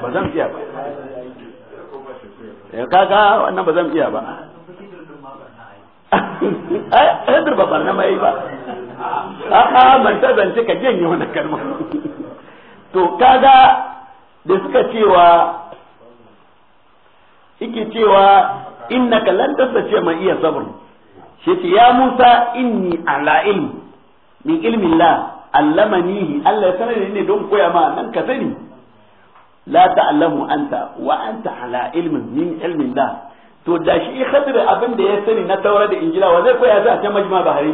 ba zan iya ba ya eh, kaga wannan ba zan iya ba (laughs) ai hadir ba barna mai ba a'a ban ta zance ka janye wannan kalma to kaga da suka cewa yake cewa innaka lan tasace mai iya sabr shi ce ya Musa inni ala ilmi min ilmin la allamanihi Allah ya sanar ne don koya ma nan ka sani la ta'lamu anta wa anta ala ilmin min ilmin la to da shi khadir abin da ya sani na taura da injila wa zai koya sa a can majma bahari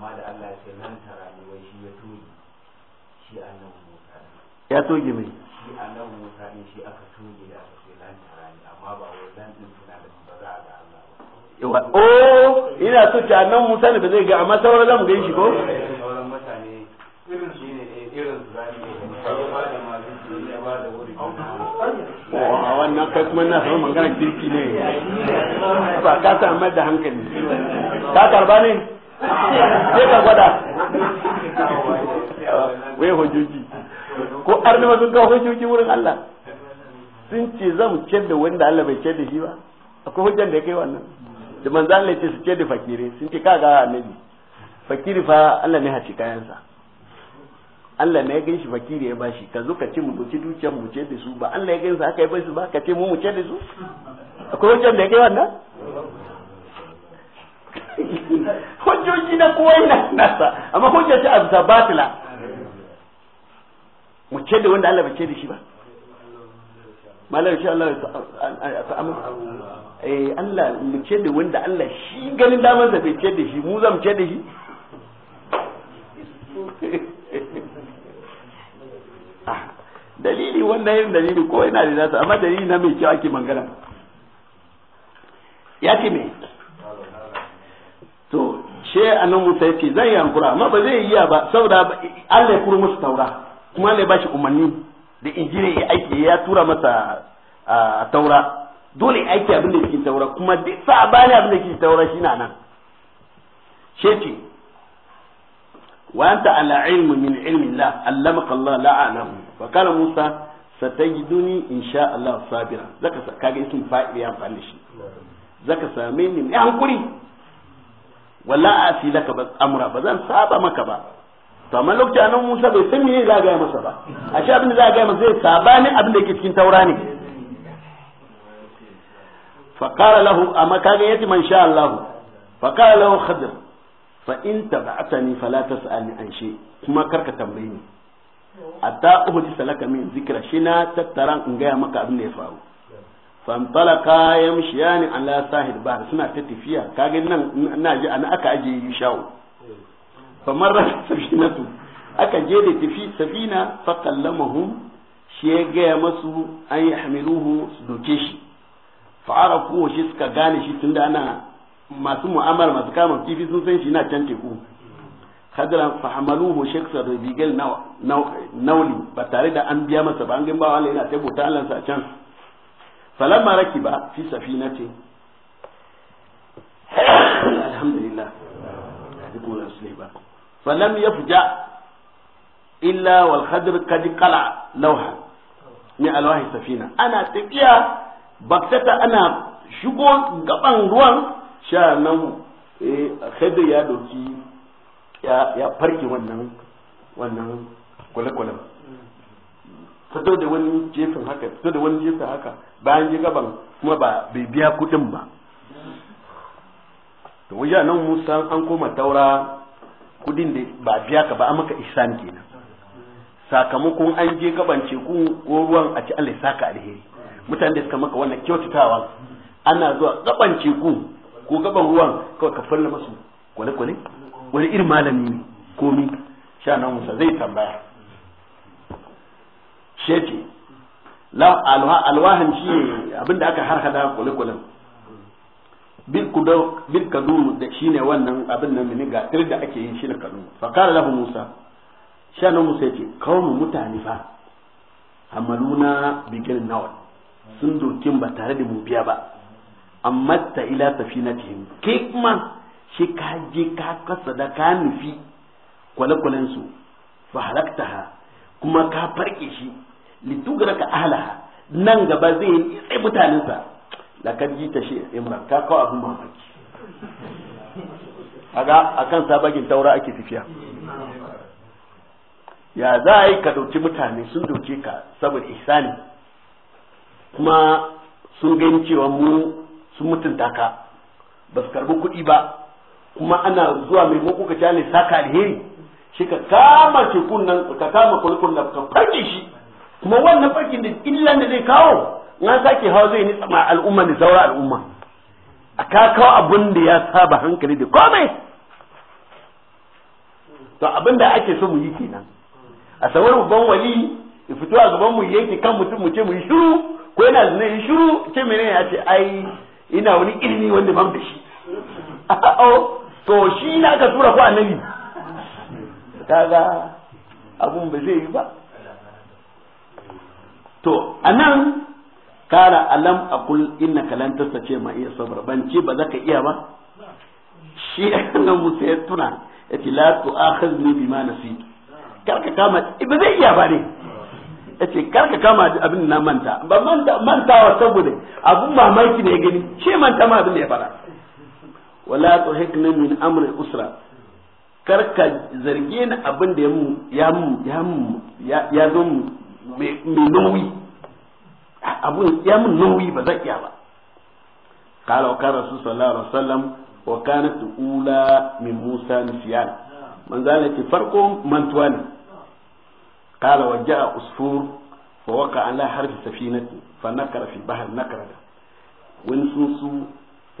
amma da Allah ce nan tara ne wai shi ya toge shi a annabi Musa ya toge mai shi a nan Musa ne shi aka toge da aka ce nan tara ne amma ba wai nan din suna da ba za a ga Allah ba Oh, ina so ta nan Musa ne ba zai ga amma sauran zamu ga shi ko sauran mutane irin shi ne eh, irin su zani ne ba da malin ne ba da wuri a wannan kai kuma na samun magana kirki ne ba ka samar da hankali ka karba ne sai ka gwada wai hujjoji ko arnima sun kawo hujjoji wurin Allah sun ce zan ce da wanda Allah bai ce da shi ba akwai hujjan da ya kai wannan da manzo Allah ce su ce da fakire sun ce kaga annabi fakiri fa Allah ne haci kayansa Allah ne ya shi fakiri ya bashi ka zo ka ce mu buci dukiyar mu ce da su ba Allah ya gansa aka yi bai su ba ka ce mu mu ce da su akwai hujjan da ya kai wannan (laughs) hujjoji na kowa yana nasa amma hujja a abu batila mu ce da wanda Allah bai ce da shi ba malam shi Allah ya sa'amu eh Allah mu ce da wanda Allah shi ganin damar sa bai ce da shi mu zan ce da shi (laughs) ah, dalili wannan yin dalili ko ina da nasa amma dalili na mai kyau ake mangana ya ce me to she anan Musa yace zan yi hankura amma ba zai yi ba saboda Allah ya kuro musu taura kuma Allah ya bashi umarni da injini ya aiki ya tura masa taura dole aiki abin da yake taura kuma duk sabani abin da yake taura shi na nan she ce wa anta ala ilmi min ilmi Allah allamaka Allah la a'lamu wa kana Musa satajiduni insha Allah sabira zaka kaga isin fa'il ya amfani shi zaka same ni hankuri wala asi laka ba amra ba zan saba maka ba to amma lokacin annabi Musa bai san me za ga masa ba a shi abin da za ga masa zai ne abin da yake cikin taura ne fa qala lahu amma kage yati man sha Allah fa qala lahu khadir fa in tab'atani fala tas'alni an shay kuma karka tambaye ni hatta uhdi salaka min zikra shi na tattaran in gaya maka abin da ya faru fantalaka yamshiyani ala sahil ba suna ta tafiya kage nan na ji ana aka aje fa marra safinatu aka je da tafi safina fa kallamahum shi ya gaya masu an yi hamiluhu su doke shi shi suka gane shi tunda ana masu mu'amala masu kama kifi sun san shi na can teku kadra fahamaluhu shek sarbigal nauli ba tare da an biya masa ba an gan bawa yana taibota Allah sa can falamma rakiba fi safinati alhamdulillah adikuna sulaiba falam yafja illa wal khadr kad qala lawha ni alwahi safina ana tafiya baktata ana shigo gaban ruwan sha nan khadr ya doki ya farke wannan wannan kwale fito da wani jefin haka fito da wani jefin haka bayan je gaban kuma ba bai biya kudin ba to wajen nan musa an koma taura kuɗin da ba biya ka ba an maka ihsan kenan sakamakon an je gaban ku ko ruwan a ci Allah saka alheri mutane da suka maka wannan kyautatawa ana zuwa gaban teku ko gaban ruwan kawai ka falla masu kwale-kwale wani irin malami ne komi sha nan musa zai tambaya alwahan shi abinda aka harhada kwale-kwalen bil kadum da shi ne wannan abin nan mini gatir da ake yin shi da kadum qala lahu musa shanan musa ya ce mutane fa na bikin nawal sun dokin ba tare da mu biya ba amma ta ila safinatihim kai kuma shi ka je ka kasa da ka nufi kwale-kwalensu fa halaktaha kuma ka farke shi litugraka ahla nan gaba zai nitse mutanensa lakar ji ta shi imran ka kawo abin mamaki kaga akan sabagin taura ake tafiya ya za a yi ka dauki mutane sun dauke ka saboda ihsani kuma sun gani cewa mu sun mutunta ka ba su karbi kuɗi ba kuma ana zuwa mai ka ne saka alheri shi ka kama tekun nan ka kama kulkun nan ka farke shi kuma wannan farkin da illan da zai kawo na sake hawa zai nitsa ma al'umma da saura al'umma a ka kawo abin da ya saba hankali da komai to abin da ake so mu yi kenan a sawar babban wali ya fito a gaban mu yake kan mutum mu ce mu yi shiru ko yana zina yi shiru ce mene ya ce ai ina wani ilimi wanda ban da shi (laughs) oh, to shi na ka tura ko annabi kaga abun ba zai yi ba to anan kala alam inna kalanta sa ce ma iya sabra ban ce ba za ka iya ba shi (laughs) nan musa ya tuna ce la tu'akhizni bima nasitu karka kama eh, ba zai iya ba ne ce karka kama abin na manta ba manta wa saboda abun mamaki ne gani ce manta ma abin da ya fara wala tuhikna min amri usra karka zarge ni abin da ya mu ya mu ya mu ya zo mu mai nauyi abun ya mun nauyi ba zan iya ba kala wa kan rasu sallallahu alaihi wasallam wa kana tuula min musa nisyan manzala ce farko mantuwa ne Qala wa jaa usfur fa waqa ala harfi safinati fa nakara fi bahr nakara wani sunsu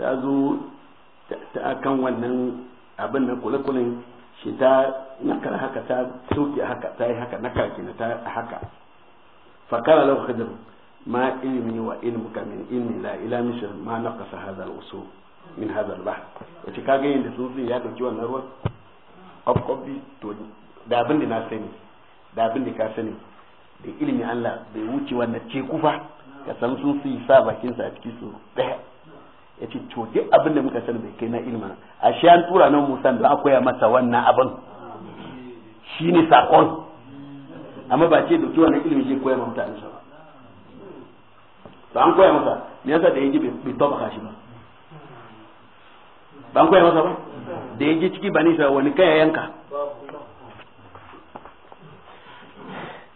ta zo ta akan wannan abin nan kule-kulen shi ta nakara haka ta soke haka ta yi haka nakara ke na ta haka fakara له خضر ma علمي wa من علم ilmi la ila misr ma naqasa hadha al-usul min hadha al-bahr yace kaga yin da sun ya wannan ruwan kwabkwabbi to da abin da na sani da abin da sani da ilimi Allah bai wannan ce kufa ka san sun su sa bakin sa a su yace to duk abin da muka sani bai kai na ilma a shi an tura nan Musa da koya masa wannan abin shine sakon amma ba ce dauki wannan ilimi zai koya ma mutane sa ba to an koya masa me yasa da yaji bai taba shi ba ba an koya masa ba da yaji ciki ba nisa wani kaya yanka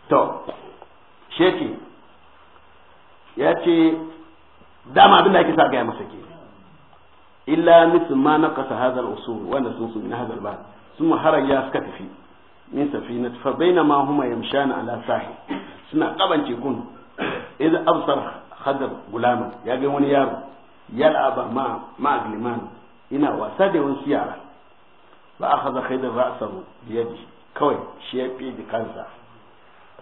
to sheki ya ce dama abin da ake sa gaya masa ke illa mislu ma naqasa hadha al-usul wa nasus min hadha al-bab sun haraja suka tafi min safinat fa bainama huma yamshan ala sahil suna kaban tekun idan absar hadar gulama ya ga wani yaro yal'aba ma ma gliman ina wasa da wani yara ba akhadha khaydar ra'sahu bi yadi kawai shi ya fi kansa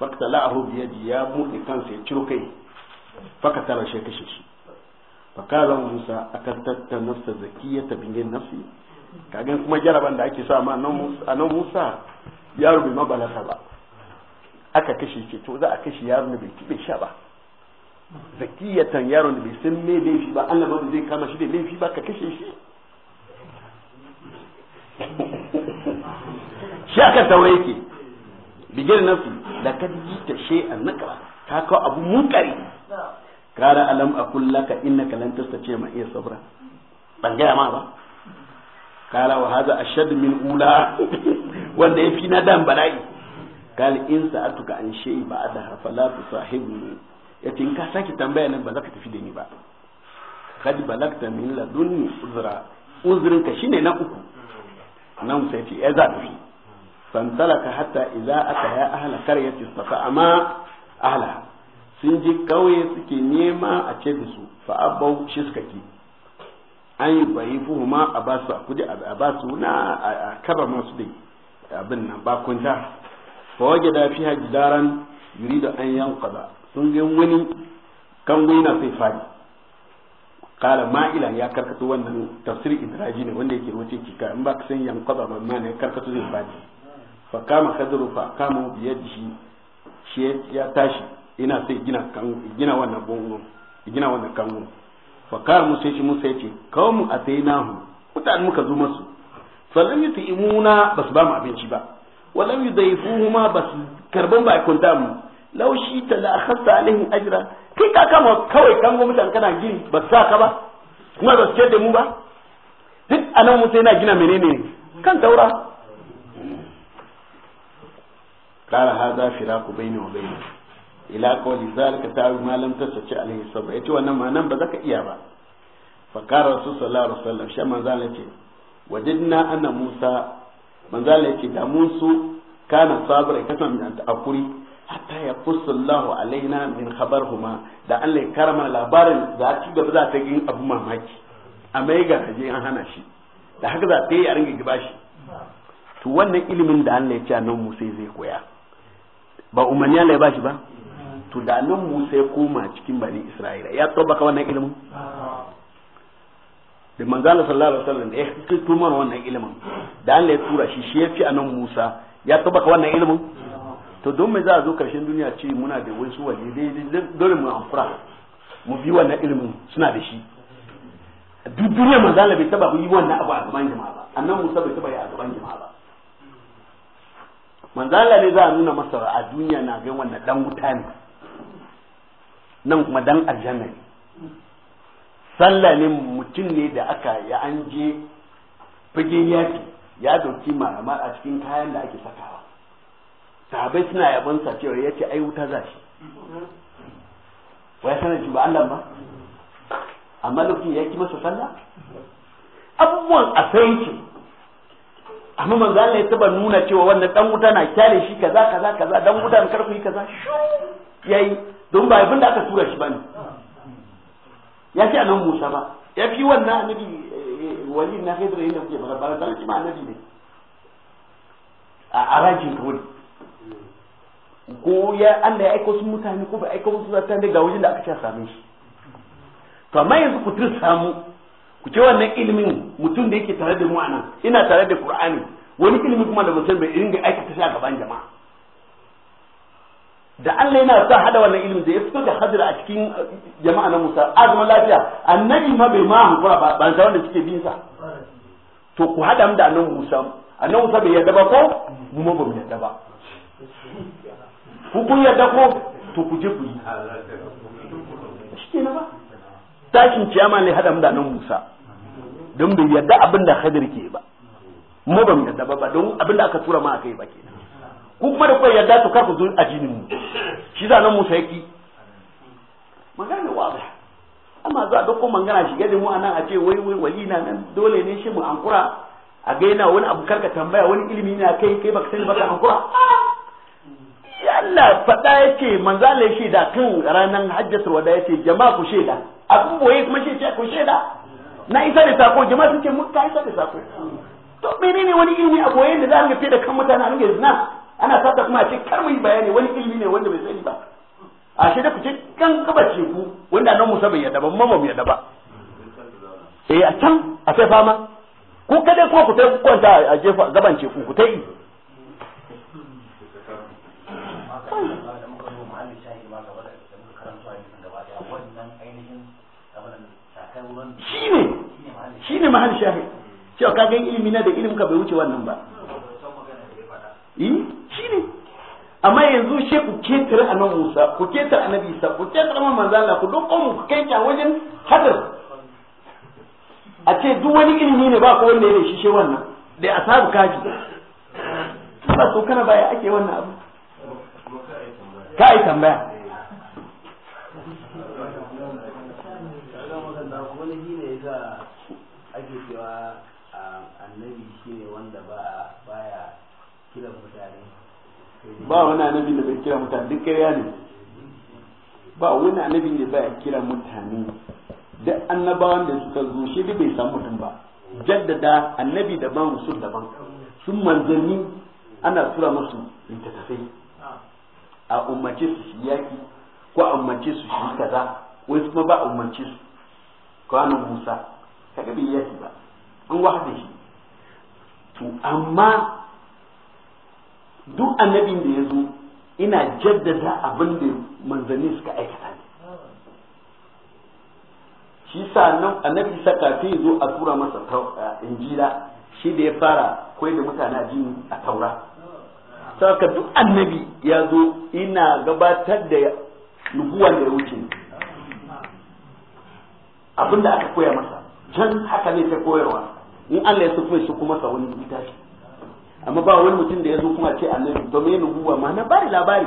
faktala'ahu bi yadi ya buɗe kansa ya ciro kai tara shi kashe shi fakala musa akan tatta nafsa zakiyata bin nafsi kagan kuma jaraban da ake sa ma nan musa yaro bai ma balasa ba aka kashe ce to za a kashe yaro da bai ci bai sha ba zakiyatan yaro da bai san me laifi ba Allah ba zai kama shi da laifi ba ka kashe shi shi aka taure yake bigir nafsi da ka ji ta an naka ka kawo abu munkari kara alam akul laka innaka lan tastace ma iya sabra ban gaya ma ba kara wa hadha ashad min ula (laughs) wanda ya fi na dan bala'i kal in sa'atuka an shay'i ba da fala tu sahibi ya tin ka saki tambaya nan ba za ka tafi da ni ba kad balagta min ladunni uzra uzrin ka shine na uku nan sai ce ya eh, za fantalaka hatta idza aka ya ahla qaryati istafa ma ahla sun je kauye suke nema a ce da su fa abau shi suka ki an yi bayi fuhuma a basu a kudi a su na a kaba masu dai abin nan bakunta fa wajada fiha jidaran yuridu an yankada sun ga wani kan na sai fadi kala ma'ila ya karkato wannan tafsir idraji ne wanda yake wuce kika in ba ka san yankada ba ma ne karkato zai fadi fa kama khadru fa kama biyadihi shi ya tashi ina sai gina kan gina wannan bongo gina wannan kango fa kama sai shi musa yace kawmu atainahu mutan muka zo masu sallan yi ta imuna ba su ba mu abinci ba walam yi zai daifu kuma ba su karban ba a kunta mu laushi ta la hasa alihin ajira kai ka kama kawai kan gomi dan kana gini ba sa ka ba kuma ba su ce da mu ba duk anan nan mutu yana gina menene kan taura kara ha za fira ku bai ne bai ila kawai zai ka ta ma lam ta sace alihin sabu ya ce wannan ma nan ba za ka iya ba fakarar su sallallahu alaihi wasallam shi manzan ya ce wajidna anna musa Allah yake da Musa kana sabra kasan a akuri hatta ya kusallahu alaina min khabarhuma da Allah ya karama labarin za a ci gaba za ta gin abu mamaki amma ya garaje an hana shi da haka za ta yi a ringa giba shi to wannan ilimin da Allah ya ce nan Musa zai koya ba umarni Allah ya bashi ba to da nan Musa ya koma cikin bani Isra'ila ya tsoba ka wannan ilimin da manzala sallallahu alaihi wasallam da ya kai turma wannan ilimin da Allah ya tura shi shi ya fi anan Musa ya ka wannan ilimin to don me za a zo karshen duniya ce muna da wani su dai dole mu amfara mu bi wannan ilimin suna da shi duk duniya manzala bai taba yi wannan abu a gaban jama'a ba annan Musa bai taba yi a gaban jama'a ba manzala ne za a nuna masa a duniya na ga wannan dan wuta ne nan kuma dan aljanna ne sallah ne mutum ne da aka ya an je fagen yaki ya dauki malama a cikin kayan da ake sakawa sahabai suna sa cewa ya ce ai wuta za shi wai sanar ba Allah ba amma lokacin ya ki masa sallah abubuwan a sai ce amma manzo Allah ya taba nuna cewa wannan dan wuta na kyale shi kaza kaza kaza dan wuta kar ku yi kaza shu yayi don ba abin da aka tura shi bane ya ce anan musa ba ya fi wannan annabi eh, wali na hidra yadda kuke fara fara dan shi ma annabi ne a arajin kawai ko ya Allah ya aika su mutane ko ba aika musu mutane ga wajen da aka ce same shi to amma yanzu ku tun samu ku ce wannan ilimin mutum da yake tare da mu anan ina tare da Qur'ani wani ilimi kuma da mutum bai ringa aikata shi a gaban jama'a da Allah yana sa hada wannan ilimin da ya fito da hadira a cikin uh, jama'a na Musa azumin lafiya annabi ma bai ma hankura ba ban sa wanda suke bin sa to ku hada mu da annabi Musa annabi Musa bai yarda ba ko mu ma ba mu yarda ba ku kun yarda ko to ku je ku yi shike na ba tashin ne hada mu da annabi Musa don bai yarda abin da hadir ke ba mu ba mu yarda ba don abin da aka tura ma aka yi ba kenan ku kuma da kuka yarda to kar ku zo mu shi za nan Musa yake magana wa amma za a dauko magana shi da mu a nan a ce wai wai wali na nan dole ne shi mu ankura a ga yana wani abu karka tambaya wani ilimi ne kai kai baka sani baka ankura yalla faɗa yake manzo Allah ya shaida kan ranan hajjatul wada yace jama'a ku sheda abin boye kuma shi ce ku sheda. na isa da sako jama'a sun ce mun ka isa da sako to menene wani ilimi a boye da za a fi da kan mutane a rufe zina ana sata kuma a ce kar mu bayani wani ilimi ne wanda bai sani ba a shi da ku ce kan kaba ku wanda nan musa bai yadda ba mu mu yadda ba eh a can a sai fama ku kada kuma ku tai kwanta a jefa gaban ku ku ne? shi ne mahal shahid cewa ka ga ilimi na da ilimin ka bai wuce wannan ba eh ne amma yanzu shi ku ketare nan Musa ku ketare nabi Isa ku ketare manzo Allah ku dokko mu ku kai wajen hadar a ce duk wani ilimi ne ba ko wanda ya shi shi wannan da asabu kaji ba so kana baya ake wannan abu ka yi tambaya ake cewa annabi shi ne wanda ba baya ba wani annabi da bai kira mutane duk kariya ne ba wani annabi da bai kira mutane duk annabawan da suka zo shi bai samu mutum ba jaddada annabi daban rusul daban sun manzanni ana tura musu littattafai a umarce su shi yaki ko a umarce su shi kaza wai kuma ba a umarce su kwanan musa kaga gabi yaki ba an wahada shi to amma duk annabin da ya zo ina jaddada abin da manzanni suka aikata ne shi sa nan annabi kafin ya zo a tura masa injila shi da ya fara koyar da mutane addini a taura saka duk annabi ya zo ina gabatar da nubuwa da ya wuce Abinda aka koya masa can haka ne ta koyarwa in Allah ya sufe shi kuma sa wani littafi amma ba wani mutum da ya zo kuma ce annabi domin nubuwa ma na bari labari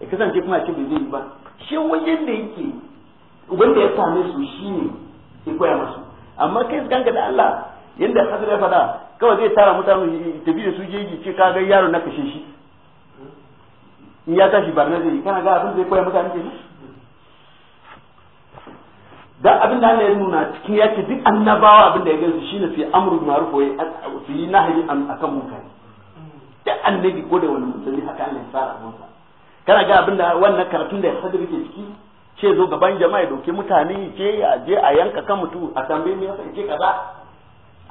ya kasance kuma ce bai zai yi ba shi wajen da yake wanda ya same su shi ne ya koya masu amma kai ganga da Allah yanda Hassan ya faɗa kawai zai tara mutane tafi da su jeji ce ka ga yaro na kashe shi in ya tashi barna zai yi kana ga abin zai koya mutane ke dan abin da Allah ya nuna cikin yake duk annabawa abin da ya gansu shine ne yi amru bi ma'ruf wa su yi nahyi akan munkar da annabi ko da wani musulmi haka Allah ya fara abunsa kana ga abin da wannan karatun da ya sadar yake ciki ce zo gaban jama'a ya doke mutane ce a je a yanka kan mutu a tambaye me yasa ce kaza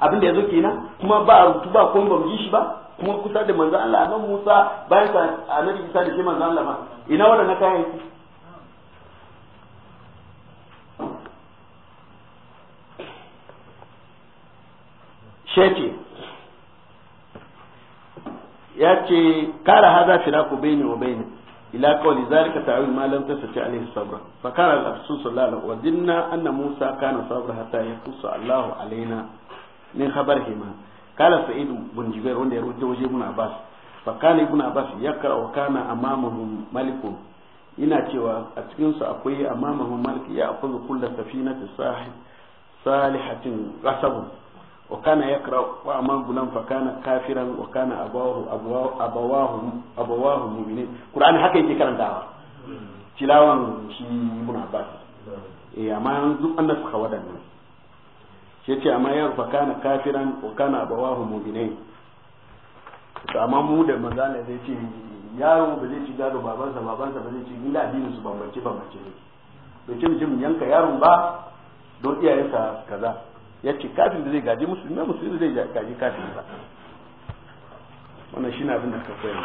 abin da yazo kenan kuma ba rubutu ba ko ba ji shi ba kuma kusa da manzo Allah annabi Musa bayan sa annabi Isa da shi manzo Allah ba ina wannan kayan sheke ya ce kara haza fina ku bai ne wa bai ne ila kawai zalika ta'awil ma lam tasati alaihi sabra fa kana al-afsu sallallahu wa dinna na musa kana sabra hatta yaqusu Allahu alaina min khabar hima kala sa'id bin jubair wanda ya rubuta waje ibn abbas fa kana ibn abbas yakra wa kana amamahum malikun ina cewa a cikinsu akwai a amamahum malik ya akhudhu kullu safinati sahih salihatin rasabun وكان يقرأ وأمام غلام فكان كافرا وكان أبواه أبواه أبواه أبواه مؤمنين قرآن هكا يجي كلام دعوة تلاوة شي ابن عباس إيه أما ينزل أن نسخ ودنا yace amma yar fa kana kafiran wa kana abawahu mu'minin to amma mu da manzo ne zai ce yaro ba zai ci gado babansa babansa ba zai ci ni da addinin su bambance bambance ne bai ce mutum yanka yaron ba don iyayensa kaza ya ce kafin da zai gaji musulmi musulmi zai gaji kafin ba wannan shine abin da suka koya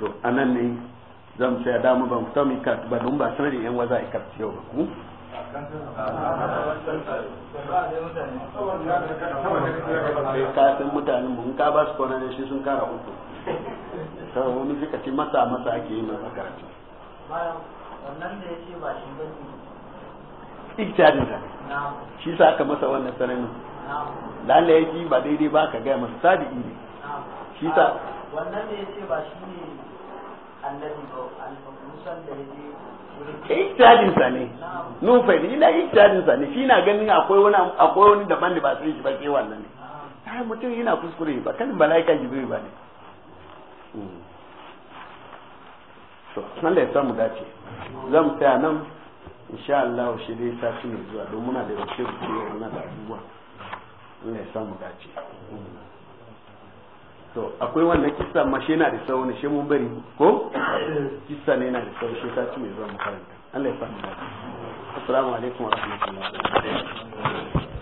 to anan ne zan sai da mu ban fita mu karatu ba don ba sanar da yan waza a karatu yau ba ku kafin mutanen mun ka ba su kwana da shi sun kara uku sai wani suka ce masa masa ake yi masa karatu wannan da yake ba shi ba ijtihadin sa shi sa aka masa wannan sanannin lalle ya ji ba daidai ba ka gaya masa tabi'i ne shi sa ah, wannan da yace ba shi ne annabi ba al-musan da yake ijtihadin eh, sa ne nun fa ila ijtihadin sa ne shi na ganin akwai wani akwai wani daban da ba su shi ba ke wannan ne ai mutum yana kuskure ba kan malaika jibril ba ne so hmm. nan da ya samu dace zan tsaya nan insha Allah shi dai mai zuwa don muna da wace buke wannan abubuwa Allah ya samu dace to akwai ma shi da shi mun bari ko kissa ne yana da shi zuwa makaranta Allah ya samu dace assalamu alaikum wa rahmatullahi wa barakatuh